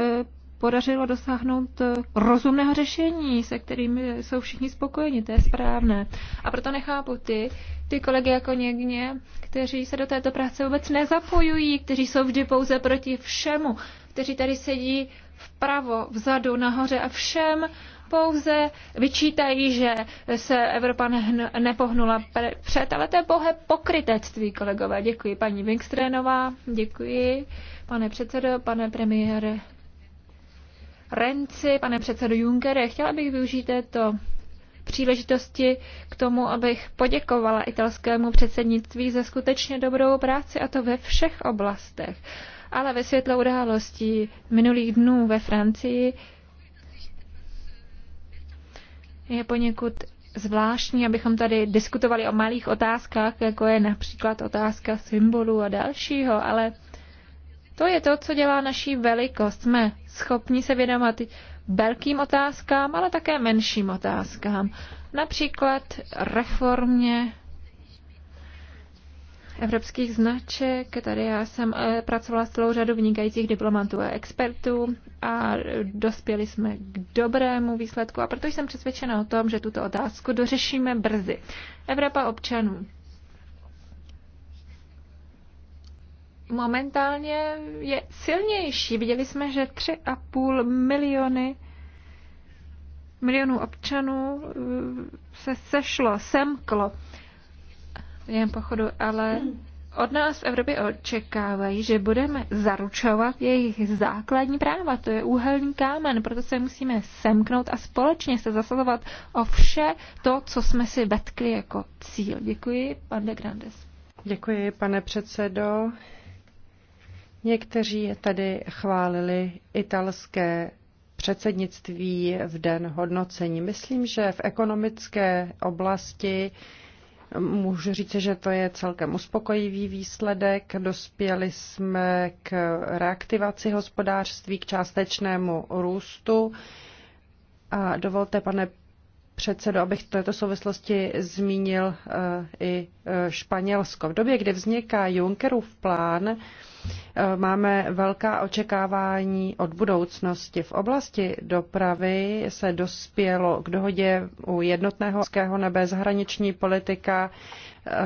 podařilo dosáhnout eh, rozumného řešení, se kterým jsou všichni spokojeni, to je správné. A proto nechápu ty, ty kolegy jako někně, kteří se do této práce vůbec nezapojují, kteří jsou vždy pouze proti všemu, kteří tady sedí vpravo, vzadu, nahoře a všem pouze vyčítají, že se Evropa ne- nepohnula před, ale to je bohé pokrytectví, kolegové. Děkuji paní Winkstrénová, děkuji pane předsedo, pane premiére Renci, pane předsedo Junckere, chtěla bych využít této příležitosti k tomu, abych poděkovala italskému předsednictví za skutečně dobrou práci, a to ve všech oblastech. Ale ve světle událostí minulých dnů ve Francii je poněkud zvláštní, abychom tady diskutovali o malých otázkách, jako je například otázka symbolu a dalšího, ale to je to, co dělá naší velikost. Jsme schopni se vědomat velkým otázkám, ale také menším otázkám. Například reformě evropských značek. Tady já jsem eh, pracovala s celou řadou vynikajících diplomatů a expertů a dospěli jsme k dobrému výsledku a proto jsem přesvědčena o tom, že tuto otázku dořešíme brzy. Evropa občanů. momentálně je silnější. Viděli jsme, že 3,5 miliony milionů občanů eh, se sešlo, semklo jen pochodu, ale od nás v Evropě očekávají, že budeme zaručovat jejich základní práva. To je úhelný kámen, proto se musíme semknout a společně se zasazovat o vše to, co jsme si vetkli jako cíl. Děkuji, pan de Grandes. Děkuji, pane předsedo. Někteří tady chválili italské předsednictví v den hodnocení. Myslím, že v ekonomické oblasti můžu říct, že to je celkem uspokojivý výsledek. Dospěli jsme k reaktivaci hospodářství, k částečnému růstu. A dovolte, pane předsedo, abych v této souvislosti zmínil eh, i eh, Španělsko. V době, kdy vzniká Junckerův plán, Eh, máme velká očekávání od budoucnosti. V oblasti dopravy se dospělo k dohodě u jednotného nebe zahraniční politika eh,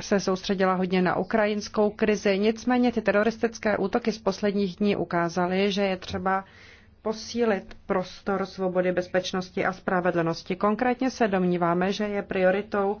se soustředila hodně na ukrajinskou krizi. Nicméně ty teroristické útoky z posledních dní ukázaly, že je třeba posílit prostor svobody, bezpečnosti a spravedlnosti. Konkrétně se domníváme, že je prioritou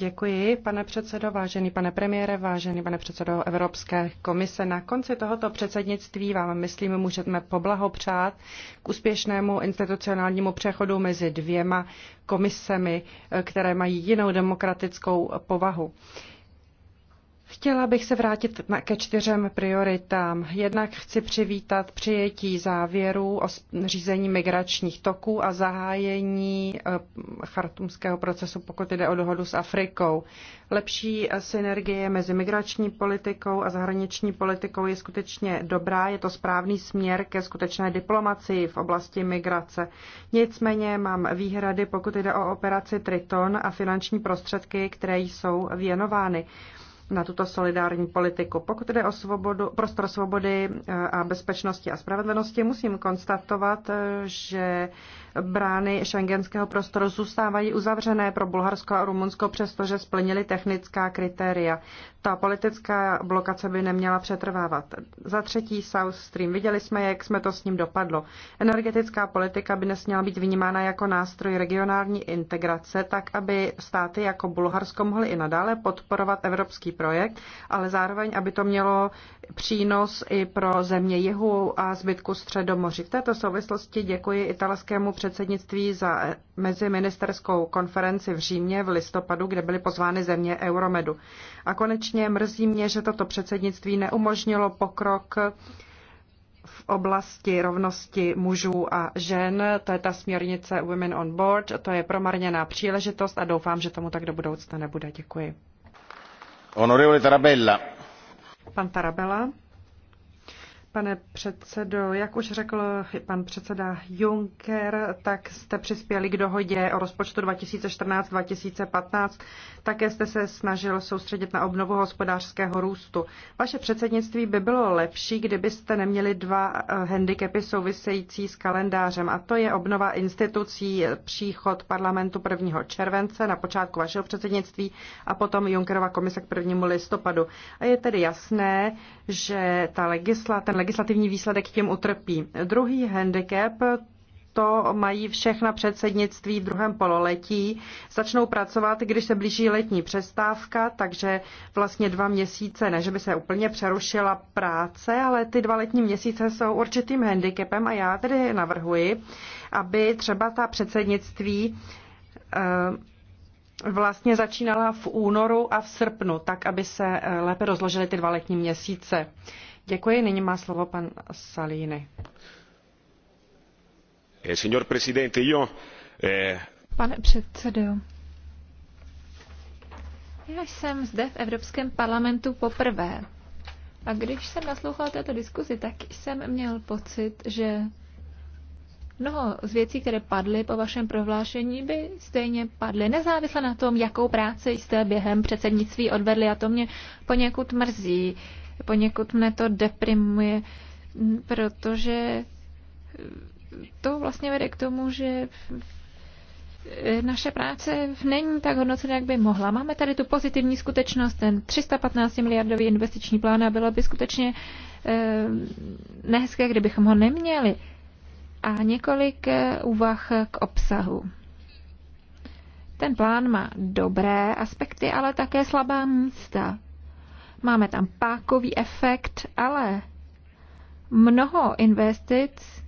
Děkuji, pane předsedo, vážený pane premiére, vážený pane předsedo Evropské komise. Na konci tohoto předsednictví vám, myslím, můžeme poblahopřát k úspěšnému institucionálnímu přechodu mezi dvěma komisemi, které mají jinou demokratickou povahu. Chtěla bych se vrátit ke čtyřem prioritám. Jednak chci přivítat přijetí závěrů o řízení migračních toků a zahájení eh, chartumského procesu, pokud jde o dohodu s Afrikou. Lepší synergie mezi migrační politikou a zahraniční politikou je skutečně dobrá. Je to správný směr ke skutečné diplomacii v oblasti migrace. Nicméně mám výhrady, pokud jde o operaci Triton a finanční prostředky, které jsou věnovány na tuto solidární politiku. Pokud jde o svobodu, prostor svobody eh, a bezpečnosti a spravedlnosti, musím konstatovat, eh, že brány šengenského prostoru zůstávají uzavřené pro Bulharsko a Rumunsko, přestože splnili technická kritéria. Ta politická blokace by neměla přetrvávat. Za třetí South Stream. Viděli jsme, jak jsme to s ním dopadlo. Energetická politika by nesměla být vnímána jako nástroj regionální integrace, tak aby státy jako Bulharsko mohly i nadále podporovat evropský projekt, ale zároveň, aby to mělo přínos i pro země jihu a zbytku středomoří. V této souvislosti děkuji italskému před předsednictví za meziministerskou konferenci v Římě v listopadu, kde byly pozvány země Euromedu. A konečně mrzí mě, že toto předsednictví neumožnilo pokrok v oblasti rovnosti mužů a žen. To je ta směrnice Women on Board. To je promarněná příležitost a doufám, že tomu tak do budoucna nebude. Děkuji. Honorevole Tarabella. Pan Tarabella. Pane předsedo, jak už řekl pan předseda Juncker, tak jste přispěli k dohodě o rozpočtu 2014-2015. Také jste se snažil soustředit na obnovu hospodářského růstu. Vaše předsednictví by bylo lepší, kdybyste neměli dva eh, handicapy související s kalendářem, a to je obnova institucí, příchod parlamentu 1. července na počátku vašeho předsednictví a potom Junckerova komise k 1. listopadu. A je tedy jasné, že ta legislativa, legislativní výsledek tím utrpí. Druhý handicap to mají všechna předsednictví v druhém pololetí. Začnou pracovat, když se blíží letní přestávka, takže vlastně dva měsíce, ne, že by se úplně přerušila práce, ale ty dva letní měsíce jsou určitým handicapem a já tedy navrhuji, aby třeba ta předsednictví eh, vlastně začínala v únoru a v srpnu, tak aby se eh, lépe rozložily ty dva letní měsíce. Děkuji, nyní má slovo pan Salini. Eh, Presidente, eh, Pane předsedo, já jsem zde v Evropském parlamentu poprvé. A když jsem naslouchal této diskuzi, tak jsem měl pocit, že Mnoho z věcí, které padly po vašem prohlášení, by stejně padly, nezávisle na tom, jakou práci jste během předsednictví odvedli a to mě poněkud mrzí, poněkud mne to deprimuje, protože to vlastně vede k tomu, že naše práce není tak hodnocena, jak by mohla. Máme tady tu pozitivní skutečnost, ten 315 miliardový investiční plán a bylo by skutečně eh, nehezké, kdybychom ho neměli. A několik eh, úvah k obsahu. Ten plán má dobré aspekty, ale také slabá místa. Máme tam pákový efekt, ale mnoho investic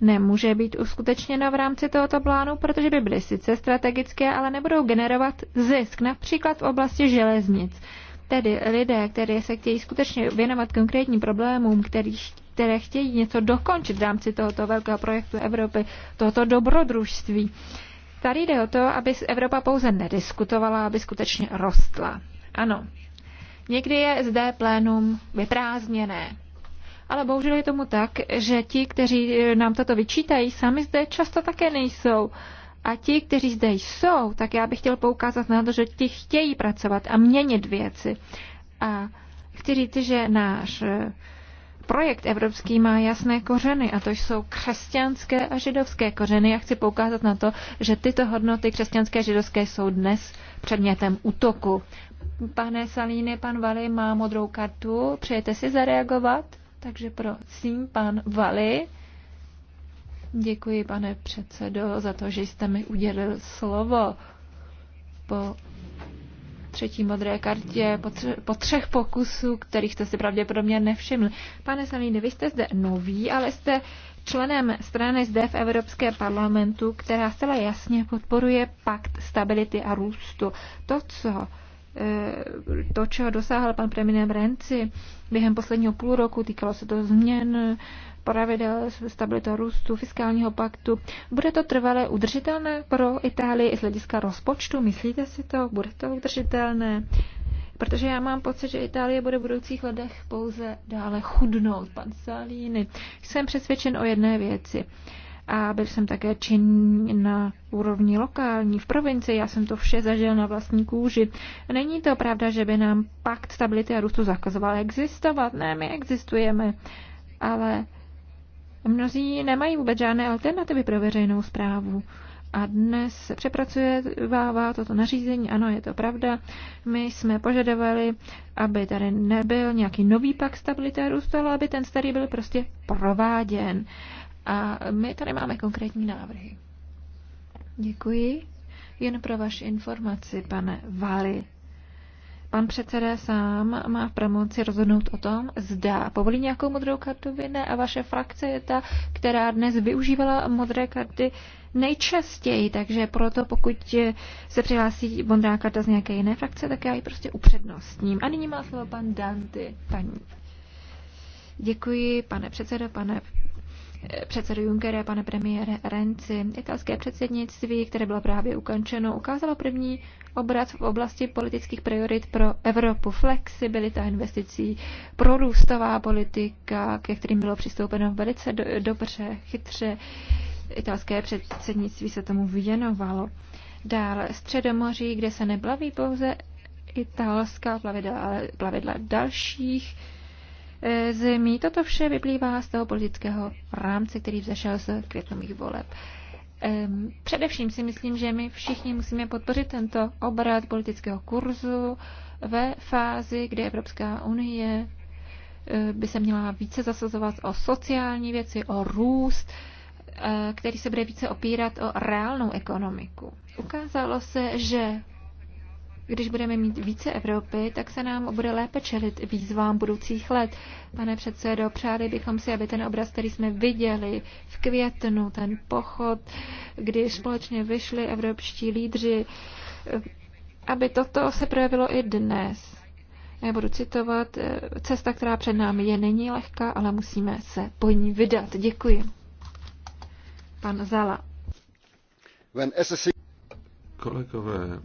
nemůže být uskutečněno v rámci tohoto plánu, protože by byly sice strategické, ale nebudou generovat zisk, například v oblasti železnic. Tedy lidé, kteří se chtějí skutečně věnovat konkrétním problémům, kterých které chtějí něco dokončit v rámci tohoto velkého projektu Evropy, tohoto dobrodružství. Tady jde o to, aby Evropa pouze nediskutovala, aby skutečně rostla. Ano, někdy je zde plénum vyprázdněné. Ale bohužel je tomu tak, že ti, kteří nám toto vyčítají, sami zde často také nejsou. A ti, kteří zde jsou, tak já bych chtěl poukázat na to, že ti chtějí pracovat a měnit věci. A chci říct, že náš projekt evropský má jasné kořeny a to jsou křesťanské a židovské kořeny. Já chci poukázat na to, že tyto hodnoty křesťanské a židovské jsou dnes předmětem útoku. Pane Salíny, pan Vali má modrou kartu. Přejete si zareagovat? Takže prosím, pan Vali. Děkuji, pane předsedo, za to, že jste mi udělil slovo po třetí modré kartě po, tř- po třech pokusů, kterých jste si pravděpodobně nevšiml. Pane Salíny, vy jste zde nový, ale jste členem strany zde v Evropské parlamentu, která zcela jasně podporuje pakt stability a růstu. To, co Eh, to, čeho dosáhl pan premiér Renci během posledního půl roku, týkalo se to změn pravidel stabilita růstu, fiskálního paktu. Bude to trvalé udržitelné pro Itálii i z hlediska rozpočtu? Myslíte si to? Bude to udržitelné? Protože já mám pocit, že Itálie bude v budoucích letech pouze dále chudnout, pan Salini. Jsem přesvědčen o jedné věci a byl jsem také činný na úrovni lokální, v provinci. Já jsem to vše zažil na vlastní kůži. Není to pravda, že by nám pakt stability a růstu zakazoval existovat. Ne, my existujeme, ale mnozí nemají vůbec žádné alternativy pro veřejnou zprávu. A dnes se přepracovává toto nařízení, ano, je to pravda. My jsme požadovali, aby tady nebyl nějaký nový pakt stability a růstu, ale aby ten starý byl prostě prováděn. Uh, a my tady máme konkrétní návrhy. Děkuji. Jen pro vaši informaci, pane Vali. Pan předseda sám má v pravomoci rozhodnout o tom, zda povolí nějakou modrou kartu vy ne a vaše frakce je ta, která dnes využívala modré karty nejčastěji, takže proto pokud se přihlásí modrá karta z nějaké jiné frakce, tak já ji prostě upřednostním. A nyní má slovo pan Danty, paní. Děkuji, pane předsedo, pane Eh, předsedu Junckera, pane premiére Renci. Italské předsednictví, které bylo právě ukončeno, ukázalo první obraz v oblasti politických priorit pro Evropu. Flexibilita investicí, prorůstová politika, ke kterým bylo přistoupeno velice do, dobře, chytře. Italské předsednictví se tomu věnovalo. Dál středomoří, kde se neplaví pouze italská plavidla, ale plavidla dalších Eh, zemí. Toto vše vyplývá z toho politického rámce, který vzešel z květnových voleb. Především si myslím, že my všichni musíme podpořit tento obrat politického kurzu ve fázi, kde Evropská unie eh, by se měla více zasazovat o sociální věci, o růst, eh, který se bude více opírat o reálnou ekonomiku. Ukázalo se, že když budeme mít více Evropy, tak se nám bude lépe čelit výzvám budoucích let. Pane předsedo, přáli bychom si, aby ten obraz, který jsme viděli v květnu, ten pochod, kdy společně vyšli evropští lídři, aby toto se projevilo i dnes. Já budu citovat, cesta, která před námi je, není lehká, ale musíme se po ní vydat. Děkuji. Pan Zala. Kolegové,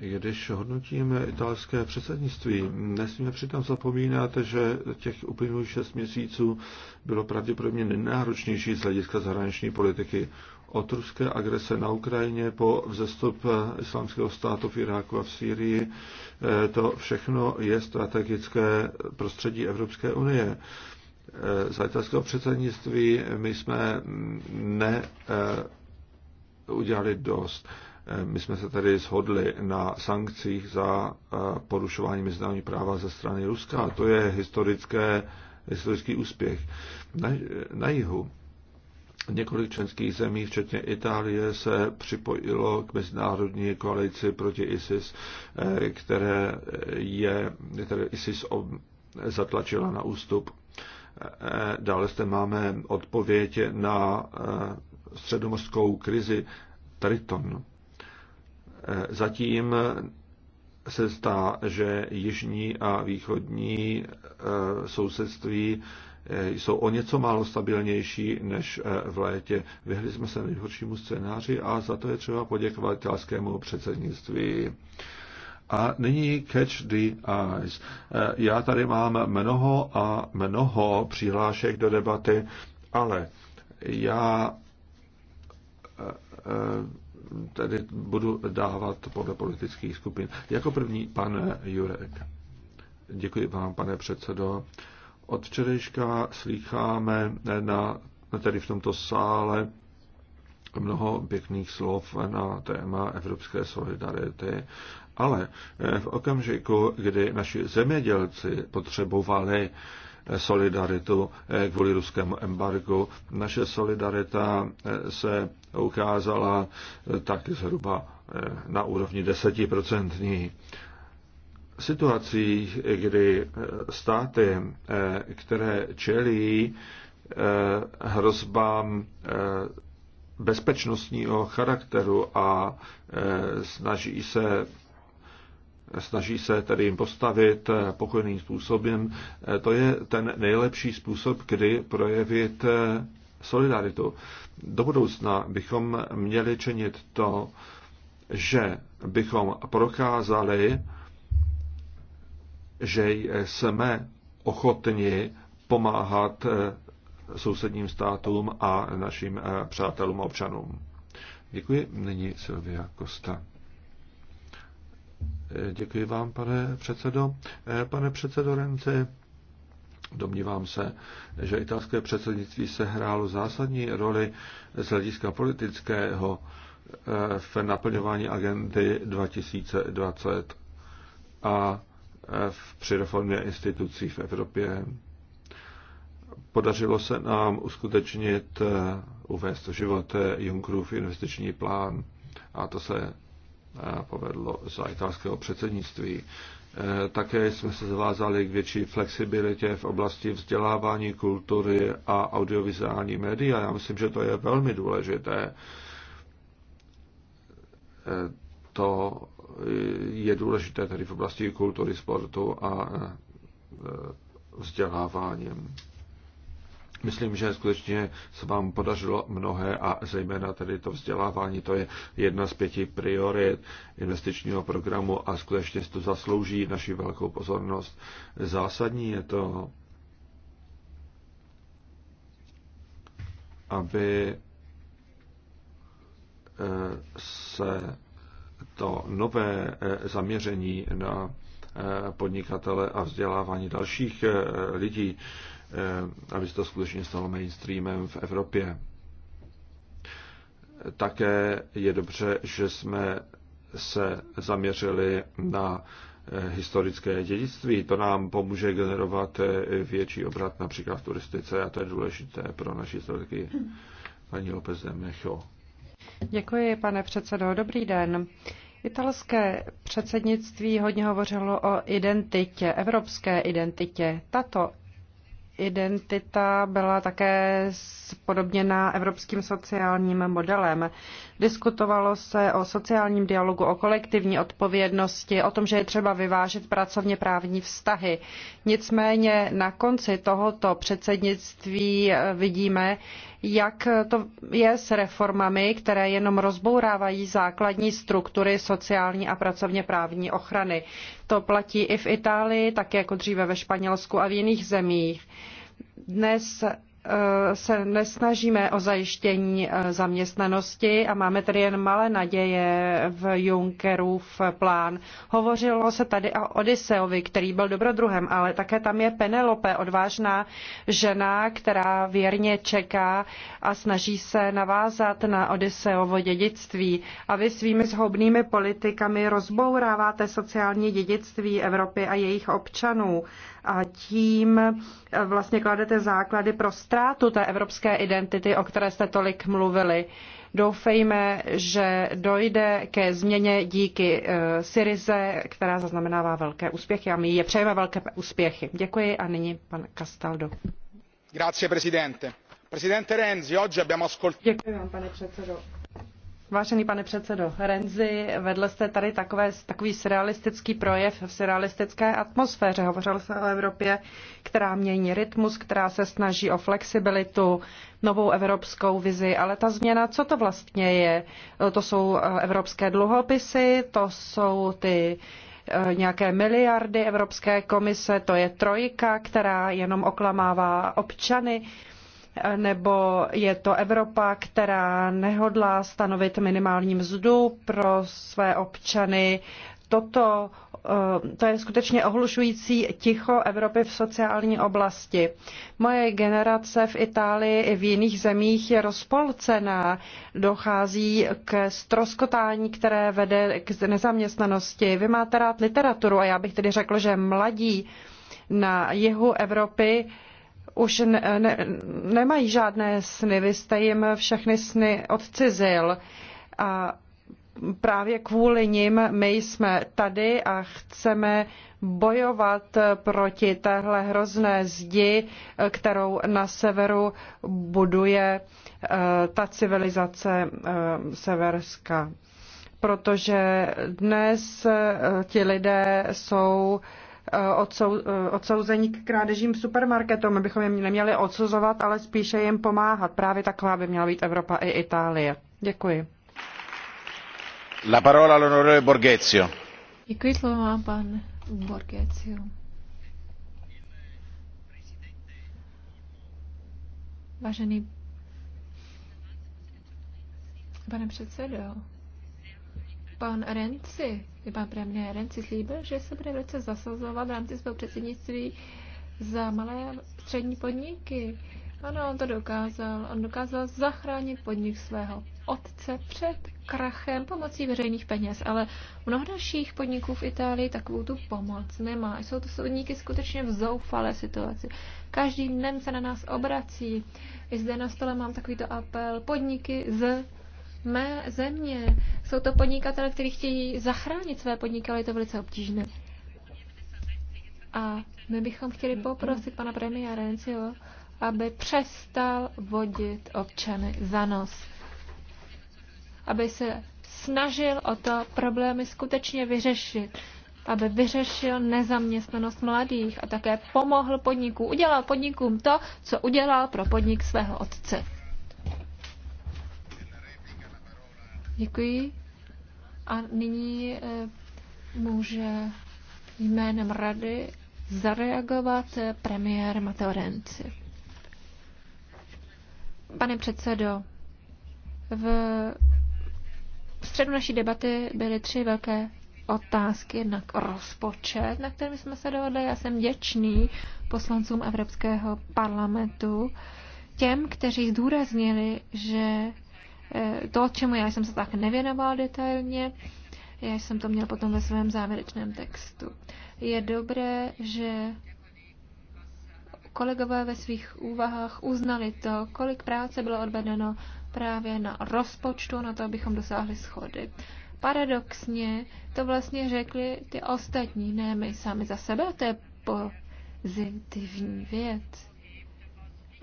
když hodnotíme italské předsednictví, nesmíme přitom zapomínat, že těch uplynulých šest měsíců bylo pravděpodobně nejnáročnější z hlediska zahraniční politiky. Od ruské agrese na Ukrajině po vzestup islámského státu v Iráku a v Sýrii, eh, to všechno je strategické prostředí Evropské unie eh, z italského předsednictví my jsme mm, neudělali eh, dost. Eh, my jsme se tady shodli na sankcích za eh, porušování mezinárodní práva ze strany Ruska. A to je historické, historický úspěch. Na, na jihu několik členských zemí, včetně Itálie, se připojilo k mezinárodní koalici proti ISIS, eh, které je, které ISIS zatlačila na ústup. Dále zde máme odpověď na středomorskou krizi Triton. Zatím se zdá, že jižní a východní eh, sousedství eh, jsou o něco málo stabilnější než eh, v létě. Vyhli jsme se nejhoršímu scénáři a za to je třeba poděkovat italskému předsednictví. A nyní Catch the Eyes. Já tady mám mnoho a mnoho přihlášek do debaty, ale já tedy budu dávat podle politických skupin. Jako první pan Jurek. Děkuji vám, pane předsedo. Od včerejška slýcháme na, tedy v tomto sále mnoho pěkných slov na téma evropské solidarity, ale v okamžiku, kdy naši zemědělci potřebovali solidaritu eh, kvůli ruskému embargu. Naše solidarita eh, se ukázala eh, tak zhruba na úrovni desetiprocentní situacích, kdy státy, které čelí hrozbám bezpečnostního charakteru a snaží se snaží se tedy jim postavit eh, pokojným způsobem. Eh, to je ten nejlepší způsob, kdy projevit eh, solidaritu. Do budoucna bychom měli činit to, že bychom prokázali, že jsme ochotni pomáhat sousedním státům a našim přátelům a občanům. Děkuji. Nyní Silvia Kosta. Děkuji vám, pane předsedo. Eh, pane předsedo Renci, Domnívám se, že italské předsednictví se hrálo zásadní roli z hlediska politického eh, v naplňování agendy 2020 a eh, v při reformě institucí v Evropě. Podařilo se nám uskutečnit, uvést život Junckerův investiční plán a to se povedlo za italského předsednictví. E, také jsme se zavázali k větší flexibilitě v oblasti vzdělávání, kultury a audiovizuální média. Já myslím, že to je velmi důležité. E, to je důležité tedy v oblasti kultury, sportu a e, vzděláváním. Myslím, že skutečně se vám podařilo mnohé a zejména tedy to vzdělávání, to je jedna z pěti priorit investičního programu a skutečně to zaslouží naši velkou pozornost. Zásadní je to, aby eh, se to nové eh, zaměření na eh, podnikatele a vzdělávání dalších lidí Eh, aby se to skutečně stalo mainstreamem v Evropě. Také je dobře, že jsme se zaměřili na eh, historické dědictví. To nám pomůže generovat eh, větší obrat například v turistice a to je důležité pro naši strategii. Paní López de Mecho. Děkuji, pane předsedo. Dobrý den. Italské předsednictví hodně hovořilo o identitě, evropské identitě. Tato identita byla také spodobněna evropským sociálním modelem. Diskutovalo se o sociálním dialogu, o kolektivní odpovědnosti, o tom, že je třeba vyvážit pracovně právní vztahy. Nicméně na konci tohoto předsednictví eh, vidíme, jak to je s reformami, které jenom rozbourávají základní struktury sociální a pracovně právní ochrany. To platí i v Itálii, tak jako dříve ve Španělsku a v jiných zemích. Dnes Eh, se nesnažíme o zajištění eh, zaměstnanosti a máme tedy jen malé naděje v Junckerův plán. Hovořilo se tady o Odiseovi, který byl dobrodruhem, ale také tam je Penelope, odvážná žena, která věrně čeká a snaží se navázat na Odiseovo dědictví. A vy svými zhoubnými politikami rozbouráváte sociální dědictví Evropy a jejich občanů a tím eh, vlastně kladete základy pro ztrátu té evropské identity, o které jste tolik mluvili. Doufejme, že dojde ke změně díky eh, Syrize, která zaznamenává velké úspěchy a my je přejeme velké úspěchy. Děkuji a nyní pan Castaldo. Grazie, presidente. Presidente Renzi, oggi abbiamo ascoltato... Děkuji vám, pane předsedo. Vážený pane předsedo Renzi, vedl jste tady takové, takový surrealistický projev v surrealistické atmosféře. Hovořil se o Evropě, která mění rytmus, která se snaží o flexibilitu, novou evropskou vizi. Ale ta změna, co to vlastně je? To jsou eh, evropské dluhopisy, to jsou ty eh, nějaké miliardy Evropské komise, to je trojka, která jenom oklamává občany nebo je to Evropa, která nehodlá stanovit minimální mzdu pro své občany. Toto eh, to je skutečně ohlušující ticho Evropy v sociální oblasti. Moje generace v Itálii i v jiných zemích je rozpolcená. Dochází k stroskotání, které vede k nezaměstnanosti. Vy máte rád literaturu a já bych tedy řekl, že mladí na jihu Evropy už ne, ne, nemají žádné sny, vy jste jim všechny sny odcizil. A právě kvůli nim my jsme tady a chceme bojovat proti téhle hrozné zdi, kterou na severu buduje eh, ta civilizace eh, severská. Protože dnes eh, ti lidé jsou Eh, odsou, eh, odsouzení k krádežím v supermarketu. My bychom je neměli odsuzovat, ale spíše jim pomáhat. Právě taková by měla být Evropa i Itálie. Děkuji. La parola all'onorevole Borghezio. Děkuji slovo vám, pan Borghezio. Vážený pane předsedo, pan Renci i pan premiér Renci slíbil, že se bude velice zasazovat v rámci svého předsednictví za malé střední podniky. Ano, on to dokázal. On dokázal zachránit podnik svého otce před krachem pomocí veřejných peněz, ale mnoho dalších podniků v Itálii takovou tu pomoc nemá. Jsou to podniky skutečně v zoufalé situaci. Každý den se na nás obrací. I zde na stole mám takovýto apel. Podniky z mé země. Jsou to podnikatele, kteří chtějí zachránit své podniky, ale je to velice obtížné. A my bychom chtěli poprosit pana premiéra Renciho, aby přestal vodit občany za nos. Aby se snažil o to problémy skutečně vyřešit. Aby vyřešil nezaměstnanost mladých a také pomohl podnikům. Udělal podnikům to, co udělal pro podnik svého otce. Děkuji. A nyní eh, může jménem rady zareagovat eh, premiér Mateo Renzi. Pane předsedo, v středu naší debaty byly tři velké otázky, jednak rozpočet, na kterém jsme se dohodli. Já jsem děčný poslancům Evropského parlamentu, těm, kteří zdůraznili, že Eh, to, čemu já jsem se tak nevěnoval detailně, já jsem to měl potom ve svém závěrečném textu. Je dobré, že kolegové ve svých úvahách uznali to, kolik práce bylo odvedeno právě na rozpočtu, na to, abychom dosáhli schody. Paradoxně to vlastně řekli ty ostatní, ne my sami za sebe, a to je pozitivní věc.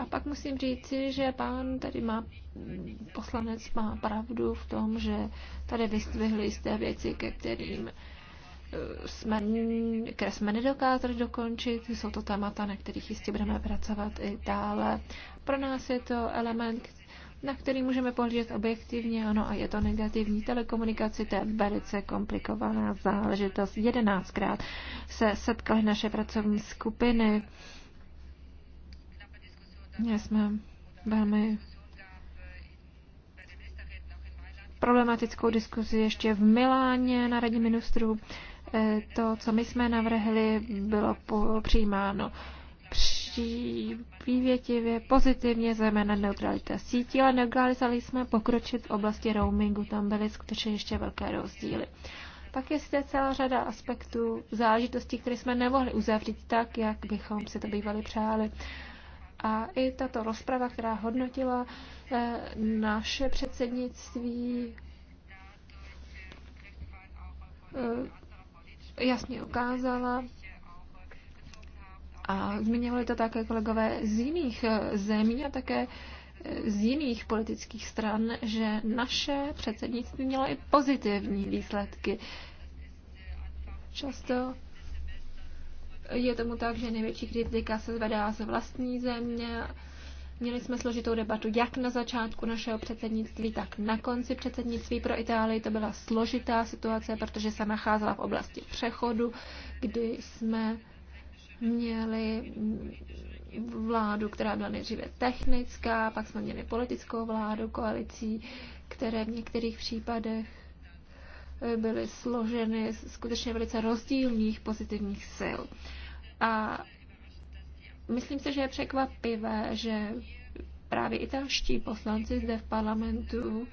A pak musím říci, že pán tady má, poslanec má pravdu v tom, že tady vystvihli jisté věci, ke kterým eh, jsme, které jsme nedokázali dokončit. Jsou to témata, na kterých jistě budeme pracovat i dále. Pro nás je to element, na který můžeme pohlížet objektivně, ano, a je to negativní. Telekomunikaci, to je velice komplikovaná záležitost. Jedenáctkrát se setkaly naše pracovní skupiny Měli jsme velmi problematickou diskuzi ještě v Miláně na radě ministrů. E, to, co my jsme navrhli, bylo přijímáno vývětivě, pozitivně, zejména neutralita sítí, ale nedokázali jsme pokročit v oblasti roamingu, tam byly skutečně ještě velké rozdíly. Pak je zde celá řada aspektů, záležitostí, které jsme nemohli uzavřít tak, jak bychom si to bývali přáli. A i tato rozprava, která hodnotila eh, naše předsednictví, eh, jasně ukázala, a zmiňovali to také kolegové z jiných eh, zemí a také z jiných politických stran, že naše předsednictví mělo i pozitivní výsledky. Často je tomu tak, že největší kritika se zvedá z vlastní země. Měli jsme složitou debatu jak na začátku našeho předsednictví, tak na konci předsednictví. Pro Itálii to byla složitá situace, protože se nacházela v oblasti přechodu, kdy jsme měli vládu, která byla nejdříve technická, pak jsme měli politickou vládu koalicí, které v některých případech byly složeny skutečně velice rozdílných pozitivních sil. A myslím si, že je překvapivé, že právě italští poslanci zde v parlamentu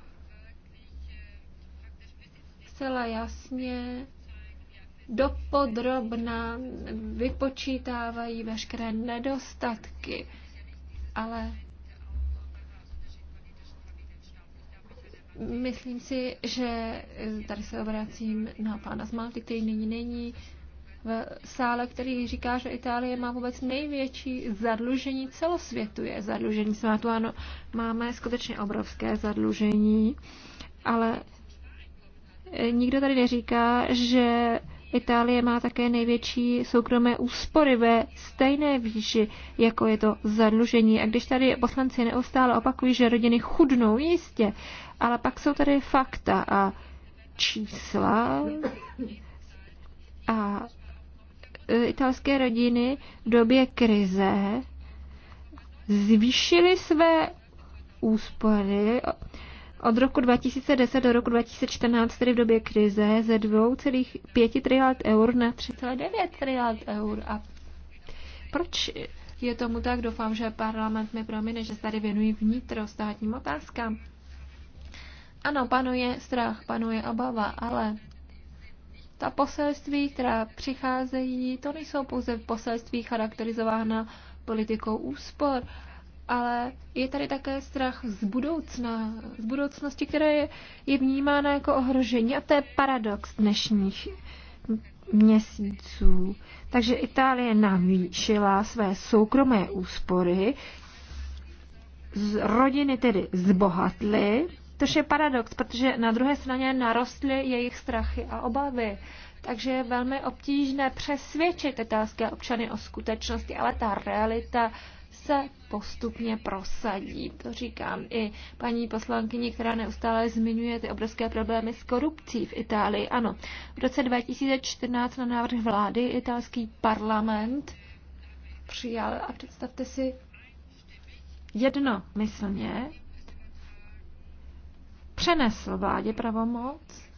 zcela jasně dopodrobna vypočítávají veškeré nedostatky, ale Myslím si, že eh, tady se obracím na pána z Malty, který nyní není v sále, který říká, že Itálie má vůbec největší zadlužení celosvětu je Zadlužení státu, ano, máme skutečně obrovské zadlužení, ale eh, nikdo tady neříká, že Itálie má také největší soukromé úspory ve stejné výši, jako je to zadlužení. A když tady poslanci neustále opakují, že rodiny chudnou, jistě, ale pak jsou tady fakta a čísla a e, italské rodiny v době krize zvýšily své úspory od roku 2010 do roku 2014, tedy v době krize, ze 2,5 triliard eur na 3,9 triliard eur. A proč je tomu tak? Doufám, že parlament mi promine, že se tady věnují vnitrostátním otázkám. Ano, panuje strach, panuje obava, ale ta poselství, která přicházejí, to nejsou pouze poselství charakterizována politikou úspor, ale je tady také strach z budoucna, z budoucnosti, které je, je vnímána jako ohrožení. A to je paradox dnešních měsíců. Takže Itálie navýšila své soukromé úspory, z rodiny tedy zbohatly Tož je paradox, protože na druhé straně narostly jejich strachy a obavy. Takže je velmi obtížné přesvědčit italské občany o skutečnosti, ale ta realita se postupně prosadí. To říkám i paní poslankyni, která neustále zmiňuje ty obrovské problémy s korupcí v Itálii. Ano, v roce 2014 na návrh vlády italský parlament přijal a představte si jednomyslně přenesl vládě pravomoc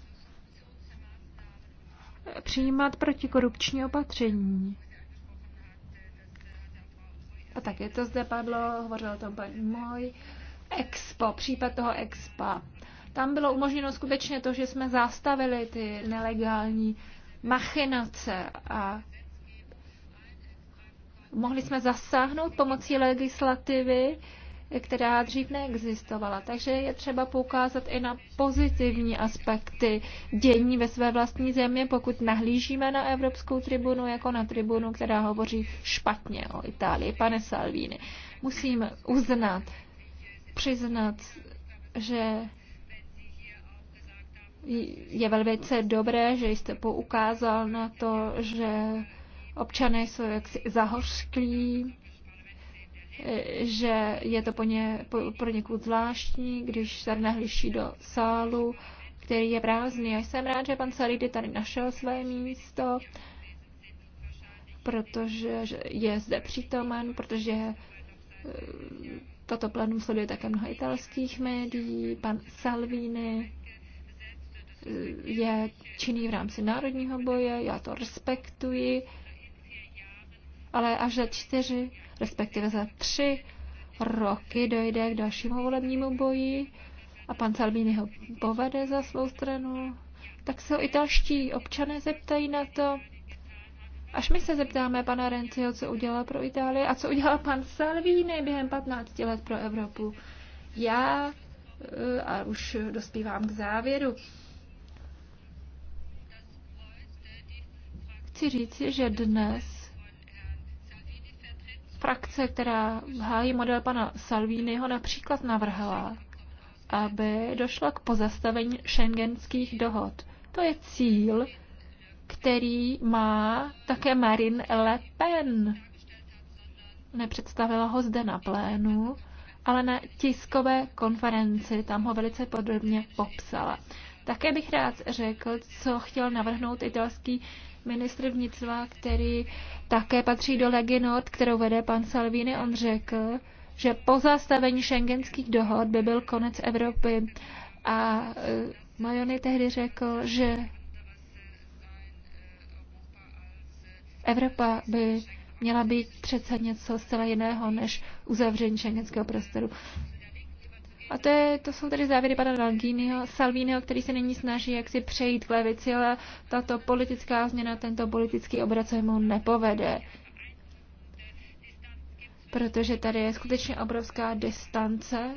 přijímat protikorupční opatření. A je to zde padlo, hovořil o tom paní můj expo, případ toho expa. Tam bylo umožněno skutečně to, že jsme zastavili ty nelegální machinace a mohli jsme zasáhnout pomocí legislativy která dřív neexistovala. Takže je třeba poukázat i na pozitivní aspekty dění ve své vlastní zemi, pokud nahlížíme na Evropskou tribunu jako na tribunu, která hovoří špatně o Itálii. Pane Salvini, musím uznat, přiznat, že je velice dobré, že jste poukázal na to, že občané jsou jaksi zahořklí, že je to po ně, po, pro někud zvláštní, když se nahliší do sálu, který je prázdný. Já jsem rád, že pan Saridy tady našel své místo, protože je zde přítomen, protože eh, toto plénum sleduje také mnoho italských médií. Pan Salvini eh, je činný v rámci národního boje, já to respektuji, ale až za čtyři respektive za tři roky dojde k dalšímu volebnímu boji a pan Salvini ho povede za svou stranu, tak se ho italští občané zeptají na to, Až my se zeptáme pana Renciho, co udělal pro Itálii a co udělal pan Salvini během 15 let pro Evropu. Já, eh, a už dospívám k závěru, chci říci, že dnes Frakce, která hájí model pana Salviniho, například navrhla, aby došlo k pozastavení šengenských dohod. To je cíl, který má také Marine Le Pen. Nepředstavila ho zde na plénu, ale na tiskové konferenci, tam ho velice podrobně popsala. Také bych rád řekl, co chtěl navrhnout italský ministr vnitra, který také patří do Leginot, kterou vede pan Salvini, on řekl, že po zastavení šengenských dohod by byl konec Evropy. A eh, Majony tehdy řekl, že Evropa by měla být přece něco zcela jiného než uzavření šengenského prostoru. A to, je, to jsou tady závěry pana Landínyho, Salviniho, který se nyní snaží jak si přejít k levici, ale tato politická změna, tento politický obrat se mu nepovede. Protože tady je skutečně obrovská distance,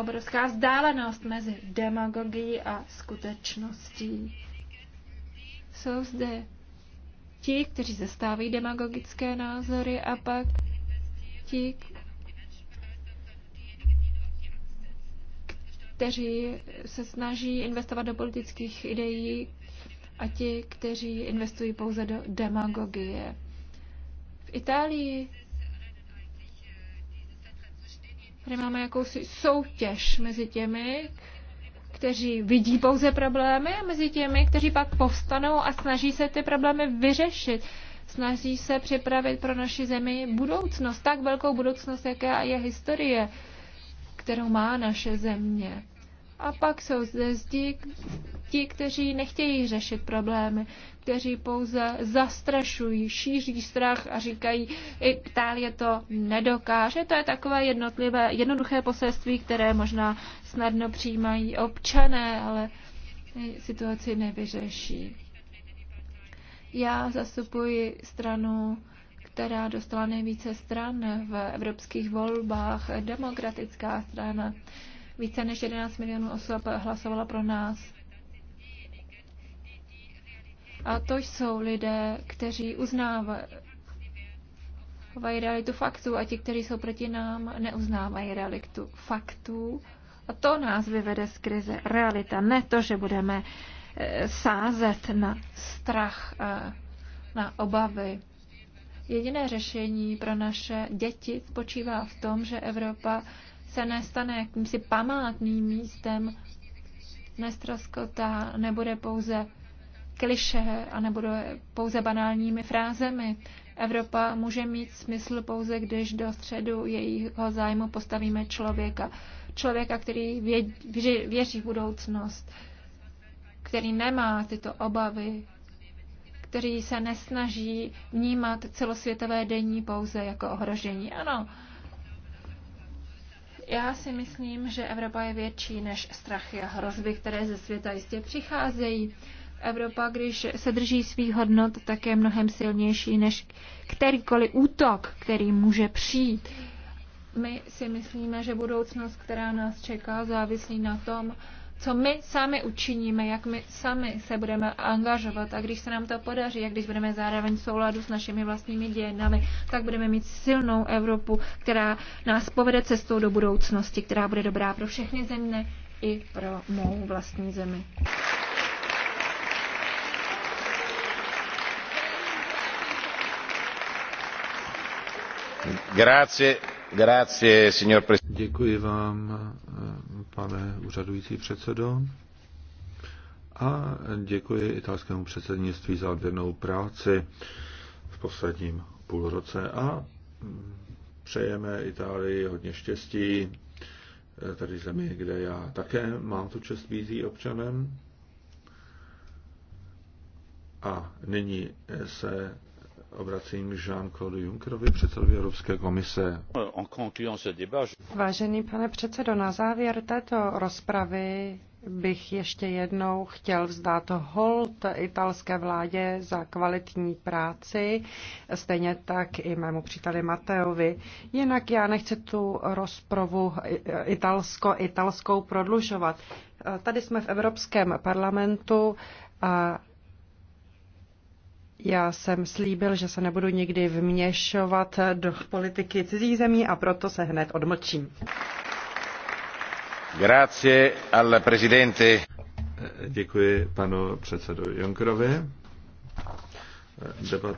obrovská vzdálenost mezi demagogií a skutečností. Jsou zde ti, kteří zastávají demagogické názory a pak ti, kteří se snaží investovat do politických ideí a ti, kteří investují pouze do demagogie. V Itálii tady máme jakousi soutěž mezi těmi, kteří vidí pouze problémy a mezi těmi, kteří pak povstanou a snaží se ty problémy vyřešit. Snaží se připravit pro naši zemi budoucnost, tak velkou budoucnost, jaká je historie kterou má naše země. A pak jsou zde zdi, ti, kteří nechtějí řešit problémy, kteří pouze zastrašují, šíří strach a říkají, Itálie to nedokáže. To je takové jednotlivé, jednoduché poselství, které možná snadno přijímají občané, ale situaci nevyřeší. Já zastupuji stranu která dostala nejvíce stran v evropských volbách, demokratická strana. Více než 11 milionů osob hlasovala pro nás. A to jsou lidé, kteří uznávají realitu faktů a ti, kteří jsou proti nám, neuznávají realitu faktů. A to nás vyvede z krize. Realita, ne to, že budeme eh, sázet na strach, eh, na obavy. Jediné řešení pro naše děti spočívá v tom, že Evropa se nestane jakýmsi památným místem, nestroskotá, nebude pouze kliše a nebude pouze banálními frázemi. Evropa může mít smysl pouze, když do středu jejího zájmu postavíme člověka. Člověka, který věří v budoucnost, který nemá tyto obavy, který se nesnaží vnímat celosvětové denní pouze jako ohrožení. Ano, já si myslím, že Evropa je větší než strachy a hrozby, které ze světa jistě přicházejí. Evropa, když se drží svých hodnot, tak je mnohem silnější než kterýkoliv útok, který může přijít. My si myslíme, že budoucnost, která nás čeká, závislí na tom, co my sami učiníme, jak my sami se budeme angažovat a když se nám to podaří, jak když budeme zároveň v souladu s našimi vlastními dějinami, tak budeme mít silnou Evropu, která nás povede cestou do budoucnosti, která bude dobrá pro všechny země i pro mou vlastní zemi. Grazie. Děkuji vám, pane úřadující předsedo. A děkuji italskému předsednictví za odvěrnou práci v posledním půlroce a přejeme Itálii hodně štěstí, tady zemi, kde já také mám tu čest být občanem. A nyní se obracím Jean-Claude Junckerovi, předsedovi Evropské komise. Vážený pane předsedo, na závěr této rozpravy bych ještě jednou chtěl vzdát hold italské vládě za kvalitní práci, stejně tak i mému příteli Mateovi. Jinak já nechci tu rozpravu italsko-italskou prodlužovat. Tady jsme v Evropském parlamentu a já jsem slíbil, že se nebudu nikdy vměšovat do politiky cizích zemí a proto se hned odmlčím. Grazie al presidente. Děkuji panu předsedu Junkerovi. Debat.